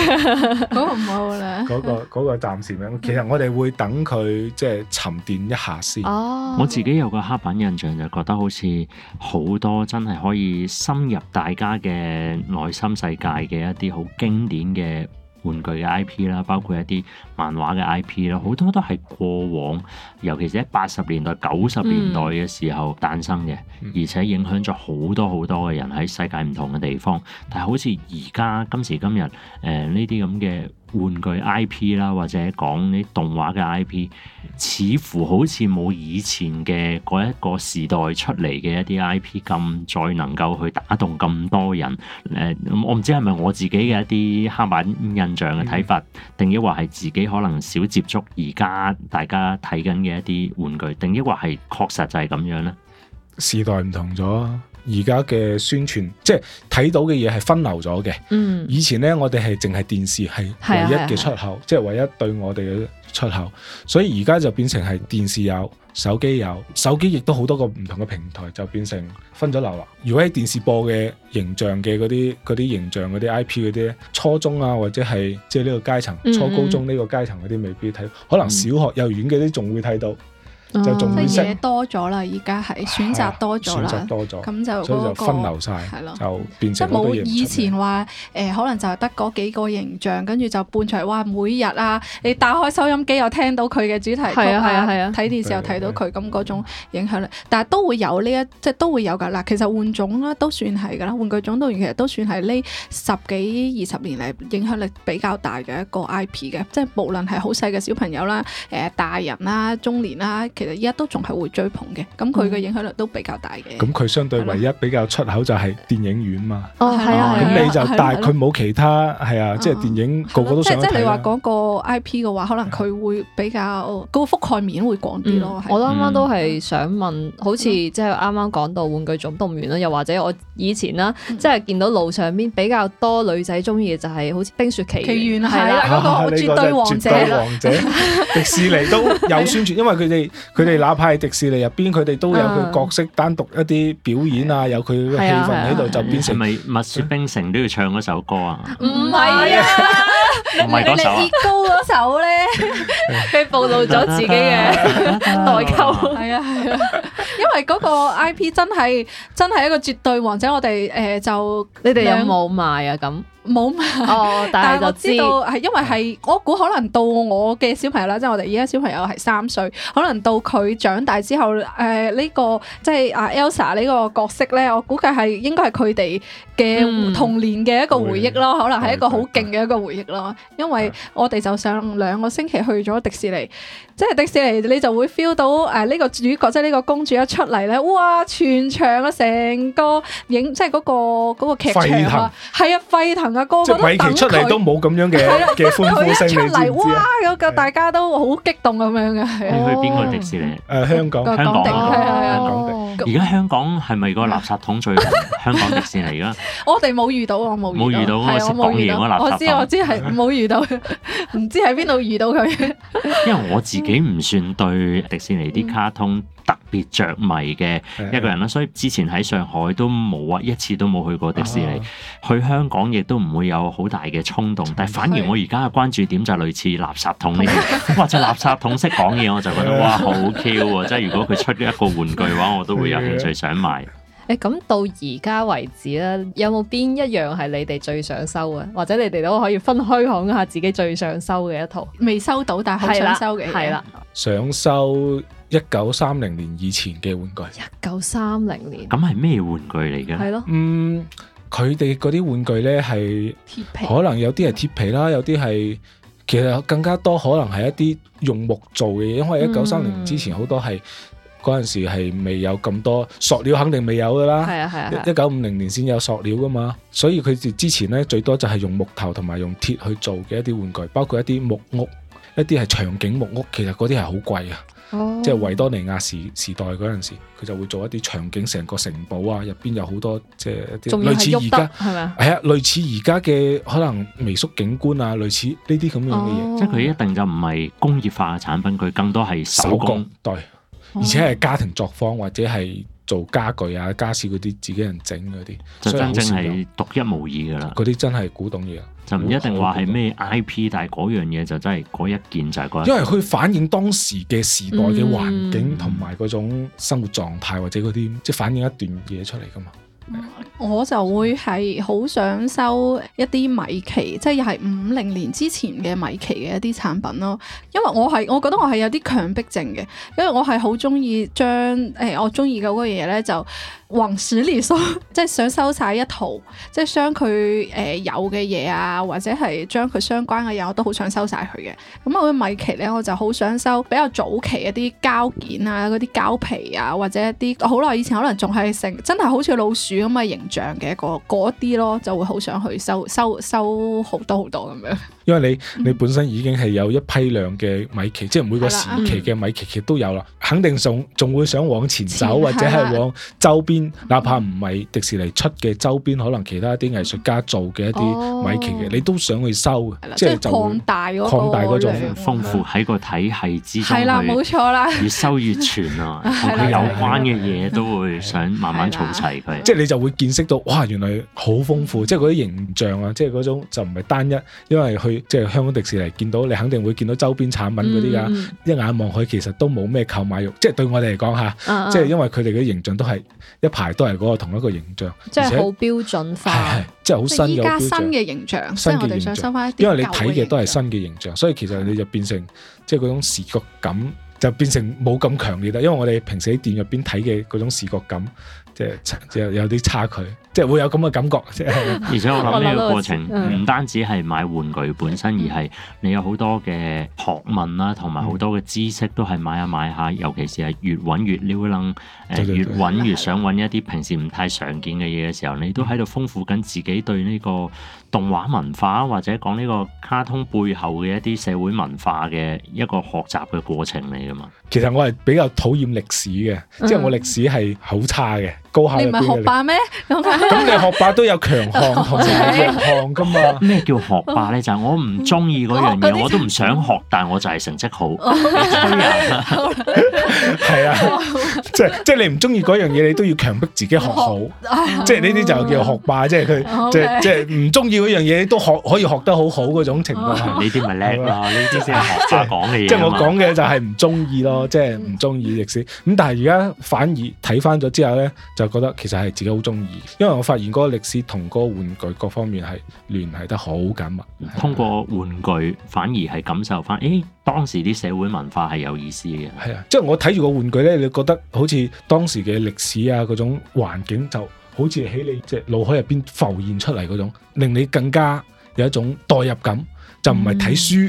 嗰 唔 好啦。嗰、那個嗰、那個暫時未。 其實我哋會等佢即係沉澱一下先。哦。Oh. 我自己有個黑板印象就覺得好似好多真係可以深入大家嘅內心世界嘅一啲好經典嘅。玩具嘅 IP 啦，包括一啲漫畫嘅 IP 啦，好多都係過往，尤其是喺八十年代、九十年代嘅時候誕生嘅，嗯、而且影響咗好多好多嘅人喺世界唔同嘅地方。但係好似而家今時今日，誒呢啲咁嘅。這玩具 IP 啦，或者講啲動畫嘅 IP，似乎好似冇以前嘅嗰一個時代出嚟嘅一啲 IP 咁，再能夠去打動咁多人。誒、呃，我唔知係咪我自己嘅一啲刻板印象嘅睇法，定抑或係自己可能少接觸而家大家睇緊嘅一啲玩具，定抑或係確實就係咁樣呢？時代唔同咗，而家嘅宣傳即係睇到嘅嘢係分流咗嘅。嗯、以前呢，我哋係淨係電視係唯一嘅出口，啊啊、即係唯一對我哋嘅出口。所以而家就變成係電視有、手機有，手機亦都好多個唔同嘅平台，就變成分咗流啦。如果喺電視播嘅形象嘅嗰啲、嗰啲形象嗰啲 IP 嗰啲，初中啊或者係即係呢個階層、嗯、初高中呢個階層嗰啲未必睇到，嗯、可能小學、幼兒園嘅啲仲會睇到。嗯即乜嘢多咗啦，而家係選擇多咗啦，啊、多咗，咁就、那個、所以就分流曬，係咯的，即係冇以前話誒、呃，可能就係得嗰幾個形象，跟住就伴隨嚟。哇，每日啊，你打開收音機又聽到佢嘅主題曲啊，睇、啊啊啊、電視又睇到佢咁嗰種影響力。但係都會有呢一，即係都會有㗎。嗱，其實換種啦，都算係㗎啦。玩具總動員其實都算係呢十幾二十年嚟影響力比較大嘅一個 IP 嘅，即係無論係好細嘅小朋友啦，誒大人啦，中年啦。其實依家都仲係會追捧嘅，咁佢嘅影響力都比較大嘅。咁佢相對唯一比較出口就係電影院嘛。哦，係啊，咁你就但係佢冇其他係啊，即係電影個個都想睇。即係你話講個 IP 嘅話，可能佢會比較嗰個覆蓋面會廣啲咯。我啱啱都係想問，好似即係啱啱講到玩具總動員啦，又或者我以前啦，即係見到路上邊比較多女仔中意嘅就係好似冰雪奇奇緣啊，係啦，絕對王者啦，迪士尼都有宣傳，因為佢哋。佢哋哪怕係迪士尼入邊，佢哋都有佢角色單獨一啲表演啊，有佢嘅戲份喺度就變成。咪《蜜雪冰城》都要唱嗰首歌啊？唔係啊，你你熱高嗰首咧，佢暴露咗自己嘅代溝。係啊係啊，因為嗰個 IP 真係真係一個絕對王者。我哋誒就你哋有冇賣啊咁？冇，但係我知道係因為係我估可能到我嘅小朋友啦，即係我哋依家小朋友係三歲，可能到佢長大之後，誒呢個即係阿 Elsa 呢個角色咧，我估計係應該係佢哋嘅童年嘅一個回憶咯，可能係一個好勁嘅一個回憶咯，因為我哋就上兩個星期去咗迪士尼，即係迪士尼你就會 feel 到誒呢個主角即係呢個公主一出嚟咧，哇全場啊，成個影即係嗰個嗰個劇場啊，係啊沸騰。米奇出嚟都冇咁樣嘅歡呼聲，佢一出嚟哇！嗰個大家都好激動咁樣嘅，係啊。你去邊個迪士尼？誒香港，香港，香港。而家香港係咪個垃圾桶最近？香港迪士尼㗎？我哋冇遇到，我冇遇到。冇遇到個識講嘢，我知我知，係冇遇到，唔知喺邊度遇到佢。因為我自己唔算對迪士尼啲卡通。特別着迷嘅一個人啦，所以之前喺上海都冇啊，一次都冇去過迪士尼。去香港亦都唔會有好大嘅衝動，但係反而我而家嘅關注點就係類似垃圾桶呢啲， 或者垃圾桶識講嘢，我就覺得哇，好 Q 啊！即係如果佢出一個玩具嘅話，我都會有興趣想買。誒咁的、欸、到而家為止咧，有冇邊一樣係你哋最想收嘅？或者你哋都可以分開講下自己最想收嘅一套，未收到但係好想收嘅嘢。係啦，的想收。一九三零年以前嘅玩具，一九三零年，咁係咩玩具嚟嘅？係咯的，嗯，佢哋嗰啲玩具呢係鐵皮，可能有啲係鐵皮啦，有啲係其實更加多可能係一啲用木做嘅嘢，因為一九三零年之前好多係嗰陣時係未有咁多塑料，肯定未有噶啦。係啊，係啊，一九五零年先有塑料噶嘛，所以佢哋之前呢最多就係用木頭同埋用鐵去做嘅一啲玩具，包括一啲木屋，一啲係場景木屋，其實嗰啲係好貴啊。即係維多利亞時時代嗰陣時，佢就會做一啲場景，成個城堡啊，入邊有好多即係類似而家係咪？係啊，類似而家嘅，可能微縮景觀啊，類似呢啲咁樣嘅嘢。哦，即係佢一定就唔係工業化嘅產品，佢更多係手，手工，對，而且係家庭作坊或者係。做家具啊、家私嗰啲自己人整嗰啲，就真正係獨一無二噶啦。嗰啲真係古董嘢，啊，就唔一定話係咩 IP，但係嗰樣嘢就真係嗰一件就係嗰。因為佢反映當時嘅時代嘅環境同埋嗰種生活狀態或者嗰啲即係反映一段嘢出嚟噶嘛。我就會係好想收一啲米奇，即係係五零年之前嘅米奇嘅一啲產品咯，因為我係我覺得我係有啲強迫症嘅，因為我係好中意將誒、哎、我中意嘅嗰個嘢咧就。橫史列收， 即係想收晒一套，即係將佢誒有嘅嘢啊，或者係將佢相關嘅嘢，我都好想收晒佢嘅。咁、嗯、我米奇咧，我就好想收比較早期一啲膠件啊，嗰啲膠皮啊，或者一啲好耐以前可能仲係成真係好似老鼠咁嘅形象嘅一個嗰啲咯，就會好想去收收收好多好多咁樣。 因為你你本身已經係有一批量嘅米奇，即係每個時期嘅米奇，其實都有啦。肯定仲仲會想往前走，或者係往周邊，哪怕唔係迪士尼出嘅周邊，可能其他一啲藝術家做嘅一啲米奇嘅，你都想去收。即係就擴大嗰種豐富喺個體系之中。係啦，冇錯啦。越收越全啊！同佢有關嘅嘢都會想慢慢儲齊。即係你就會見識到，哇！原來好豐富，即係嗰啲形象啊，即係嗰種就唔係單一，因為佢。即係香港迪士尼，見到你肯定會見到周邊產品嗰啲噶，嗯、一眼望去其實都冇咩購買欲。即係對我哋嚟講吓，嗯、即係因為佢哋嘅形象都係一排都係嗰、嗰個同一個形象，而且好標準化，係係，即係好新嘅形象。所以我哋想收翻一啲。因為你睇嘅都係新嘅形象，形象所以其實你就變成即係嗰種視覺感就變成冇咁強烈啦。因為我哋平時喺店入邊睇嘅嗰種視覺感，即係即係有啲差距。即係會有咁嘅感覺， 而且我諗呢個過程唔單止係買玩具本身， 而係你有好多嘅學問啦、啊，同埋好多嘅知識都係買下買下，尤其是係越揾越撩楞，誒 對對 越揾越想揾一啲平時唔太常見嘅嘢嘅時候， 對對對你都喺度豐富緊自己對呢、這個。動畫文化或者講呢個卡通背後嘅一啲社會文化嘅一個學習嘅過程嚟噶嘛？其實我係比較討厭歷史嘅，即係我歷史係好差嘅，高考入邊嘅歷史。你唔係學霸咩？咁你學霸都有強項同埋弱項噶嘛？咩叫學霸咧？就係我唔中意嗰樣嘢，我都唔想學，但係我就係成績好，吹係啊，即係即係你唔中意嗰樣嘢，你都要強迫自己學好。即係呢啲就叫學霸，即係佢即係即係唔中意。每樣嘢都學可以學得好好嗰種情況，你啲咪叻啦？呢啲先學，即係講嘅嘢。即係我講嘅就係唔中意咯，即係唔中意歷史。咁但係而家反而睇翻咗之後咧，就覺得其實係自己好中意。因為我發現嗰個歷史同嗰個玩具各方面係聯繫得好緊密。通過玩具反而係感受翻，誒、哎，當時啲社會文化係有意思嘅。係啊，即係我睇住個玩具咧，你覺得好似當時嘅歷史啊，嗰種環境就。好似喺你隻腦海入邊浮現出嚟嗰種，令你更加有一種代入感，嗯、就唔係睇書，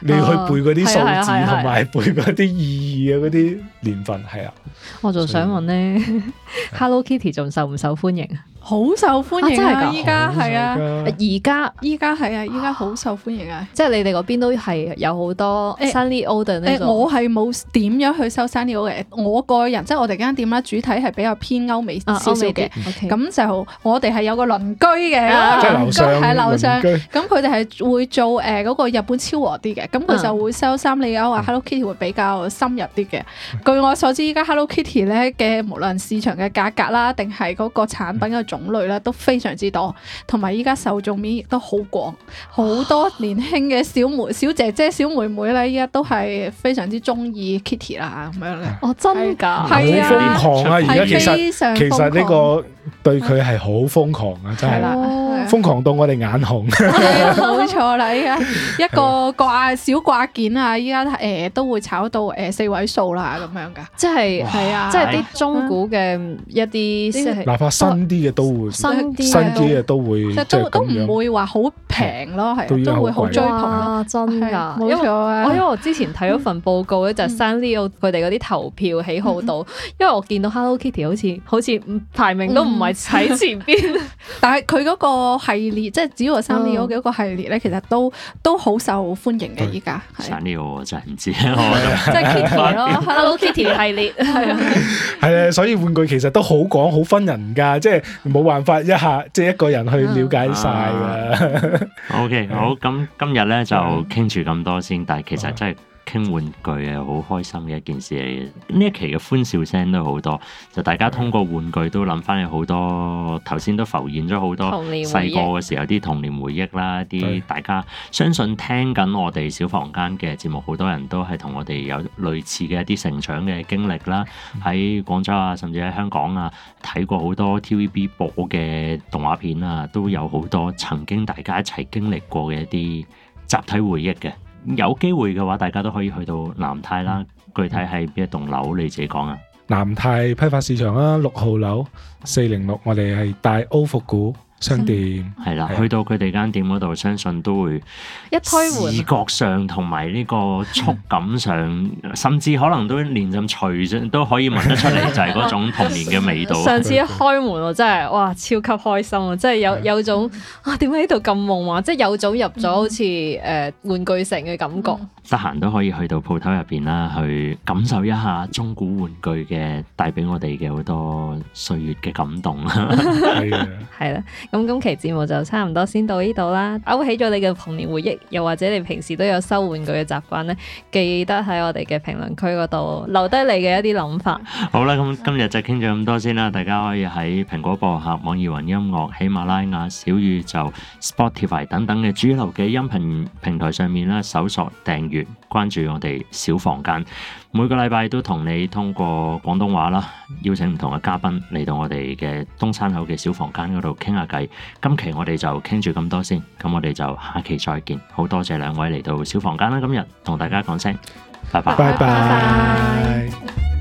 你去背嗰啲數字同埋、啊啊啊啊啊、背嗰啲意義嘅嗰啲年份，係啊，我就想問咧。以 Hello Kitty 仲受唔受歡迎啊？好受歡迎啊！依家係啊，而家依家係啊，依家好受歡迎啊！即係你哋嗰邊都係有好多 Sanrio 我係冇點樣去收。Sanrio 我個人即係我哋間店啦，主體係比較偏歐美少少嘅。咁就我哋係有個鄰居嘅，喺樓上，喺樓上。咁佢哋係會做誒嗰個日本超和啲嘅，咁佢就會收。e l 三麗鷗啊、Hello Kitty 會比較深入啲嘅。據我所知，依家 Hello Kitty 咧嘅無論市場嘅。嘅價格啦，定係嗰個產品嘅種類啦，都非常之多，同埋依家受眾面亦都好廣，好多年輕嘅小妹、小姐姐、小妹妹咧依家都係非常之中意 Kitty 啦咁樣咧。哦，真㗎，係啊，好瘋狂啊！而家其實呢個對佢係好瘋狂啊，真係，瘋狂到我哋眼紅。係啊，冇錯啦！依家一個掛小掛件啊，依家誒都會炒到誒四位數啦咁樣噶，即係係啊，即係啲中古嘅。一啲即係，哪怕新啲嘅都會，新啲嘅都會，即係都都唔會話好平咯，係，都會好追捧啊！真噶，冇錯啊！我因為我之前睇咗份報告咧，就 Sanrio 佢哋嗰啲投票喜好度，因為我見到 Hello Kitty 好似好似排名都唔係喺前邊，但係佢嗰個系列，即係只要 Sanrio 嘅一個系列咧，其實都都好受歡迎嘅依家。Sanrio 真係唔知啊，即係 Kitty 咯，Hello Kitty 系列係啊，係啊，所以玩具。其實都好講，好分人㗎，即係冇辦法一下，即係一個人去了解晒㗎。OK，好，咁今日咧就傾住咁多先，但係其實真係，啊傾玩具係好開心嘅一件事嚟嘅，呢一期嘅歡笑聲都好多，就大家通過玩具都諗翻起好多，頭先都浮現咗好多細個嘅時候啲童年回憶啦，啲大家對相信聽緊我哋小房間嘅節目，好多人都係同我哋有類似嘅一啲成長嘅經歷啦。喺廣州啊，甚至喺香港啊，睇過好多 TVB 播嘅動畫片啊，都有好多曾經大家一齊經歷過嘅一啲集體回憶嘅。有機會嘅話，大家都可以去到南泰啦。具體係邊一棟樓，你自己講啊。南泰批發市場啊，六號樓四零六，6, 我哋係大 O 復古。商店係啦，了去到佢哋間店嗰度，的相信都會一推門，視覺上同埋呢個觸感上， 甚至可能都連陣馀香都可以聞得出嚟，就係嗰種童年嘅味道。 上次一開門，真係哇，超級開心啊！真係有有種啊，點解呢度咁夢幻？即係有種入咗好似誒玩具城嘅感覺。得閒都可以去到鋪頭入邊啦，去感受一下中古玩具嘅帶俾我哋嘅好多歲月嘅感動啊！係 啦。 咁今期節目就差唔多先到呢度啦，勾起咗你嘅童年回憶，又或者你平時都有收玩具嘅習慣呢？記得喺我哋嘅評論區嗰度留低你嘅一啲諗法。好啦，咁今日就傾咗咁多先啦，大家可以喺蘋果播客、網易雲音樂、喜馬拉雅、小宇宙、Spotify 等等嘅主流嘅音頻平台上面啦，搜索訂閱關注我哋小房間。每個禮拜都同你通過廣東話啦，邀請唔同嘅嘉賓嚟到我哋嘅東山口嘅小房間嗰度傾下偈。今期我哋就傾住咁多先，咁我哋就下期再見。好多謝兩位嚟到小房間啦，今日同大家講聲，拜拜，拜拜。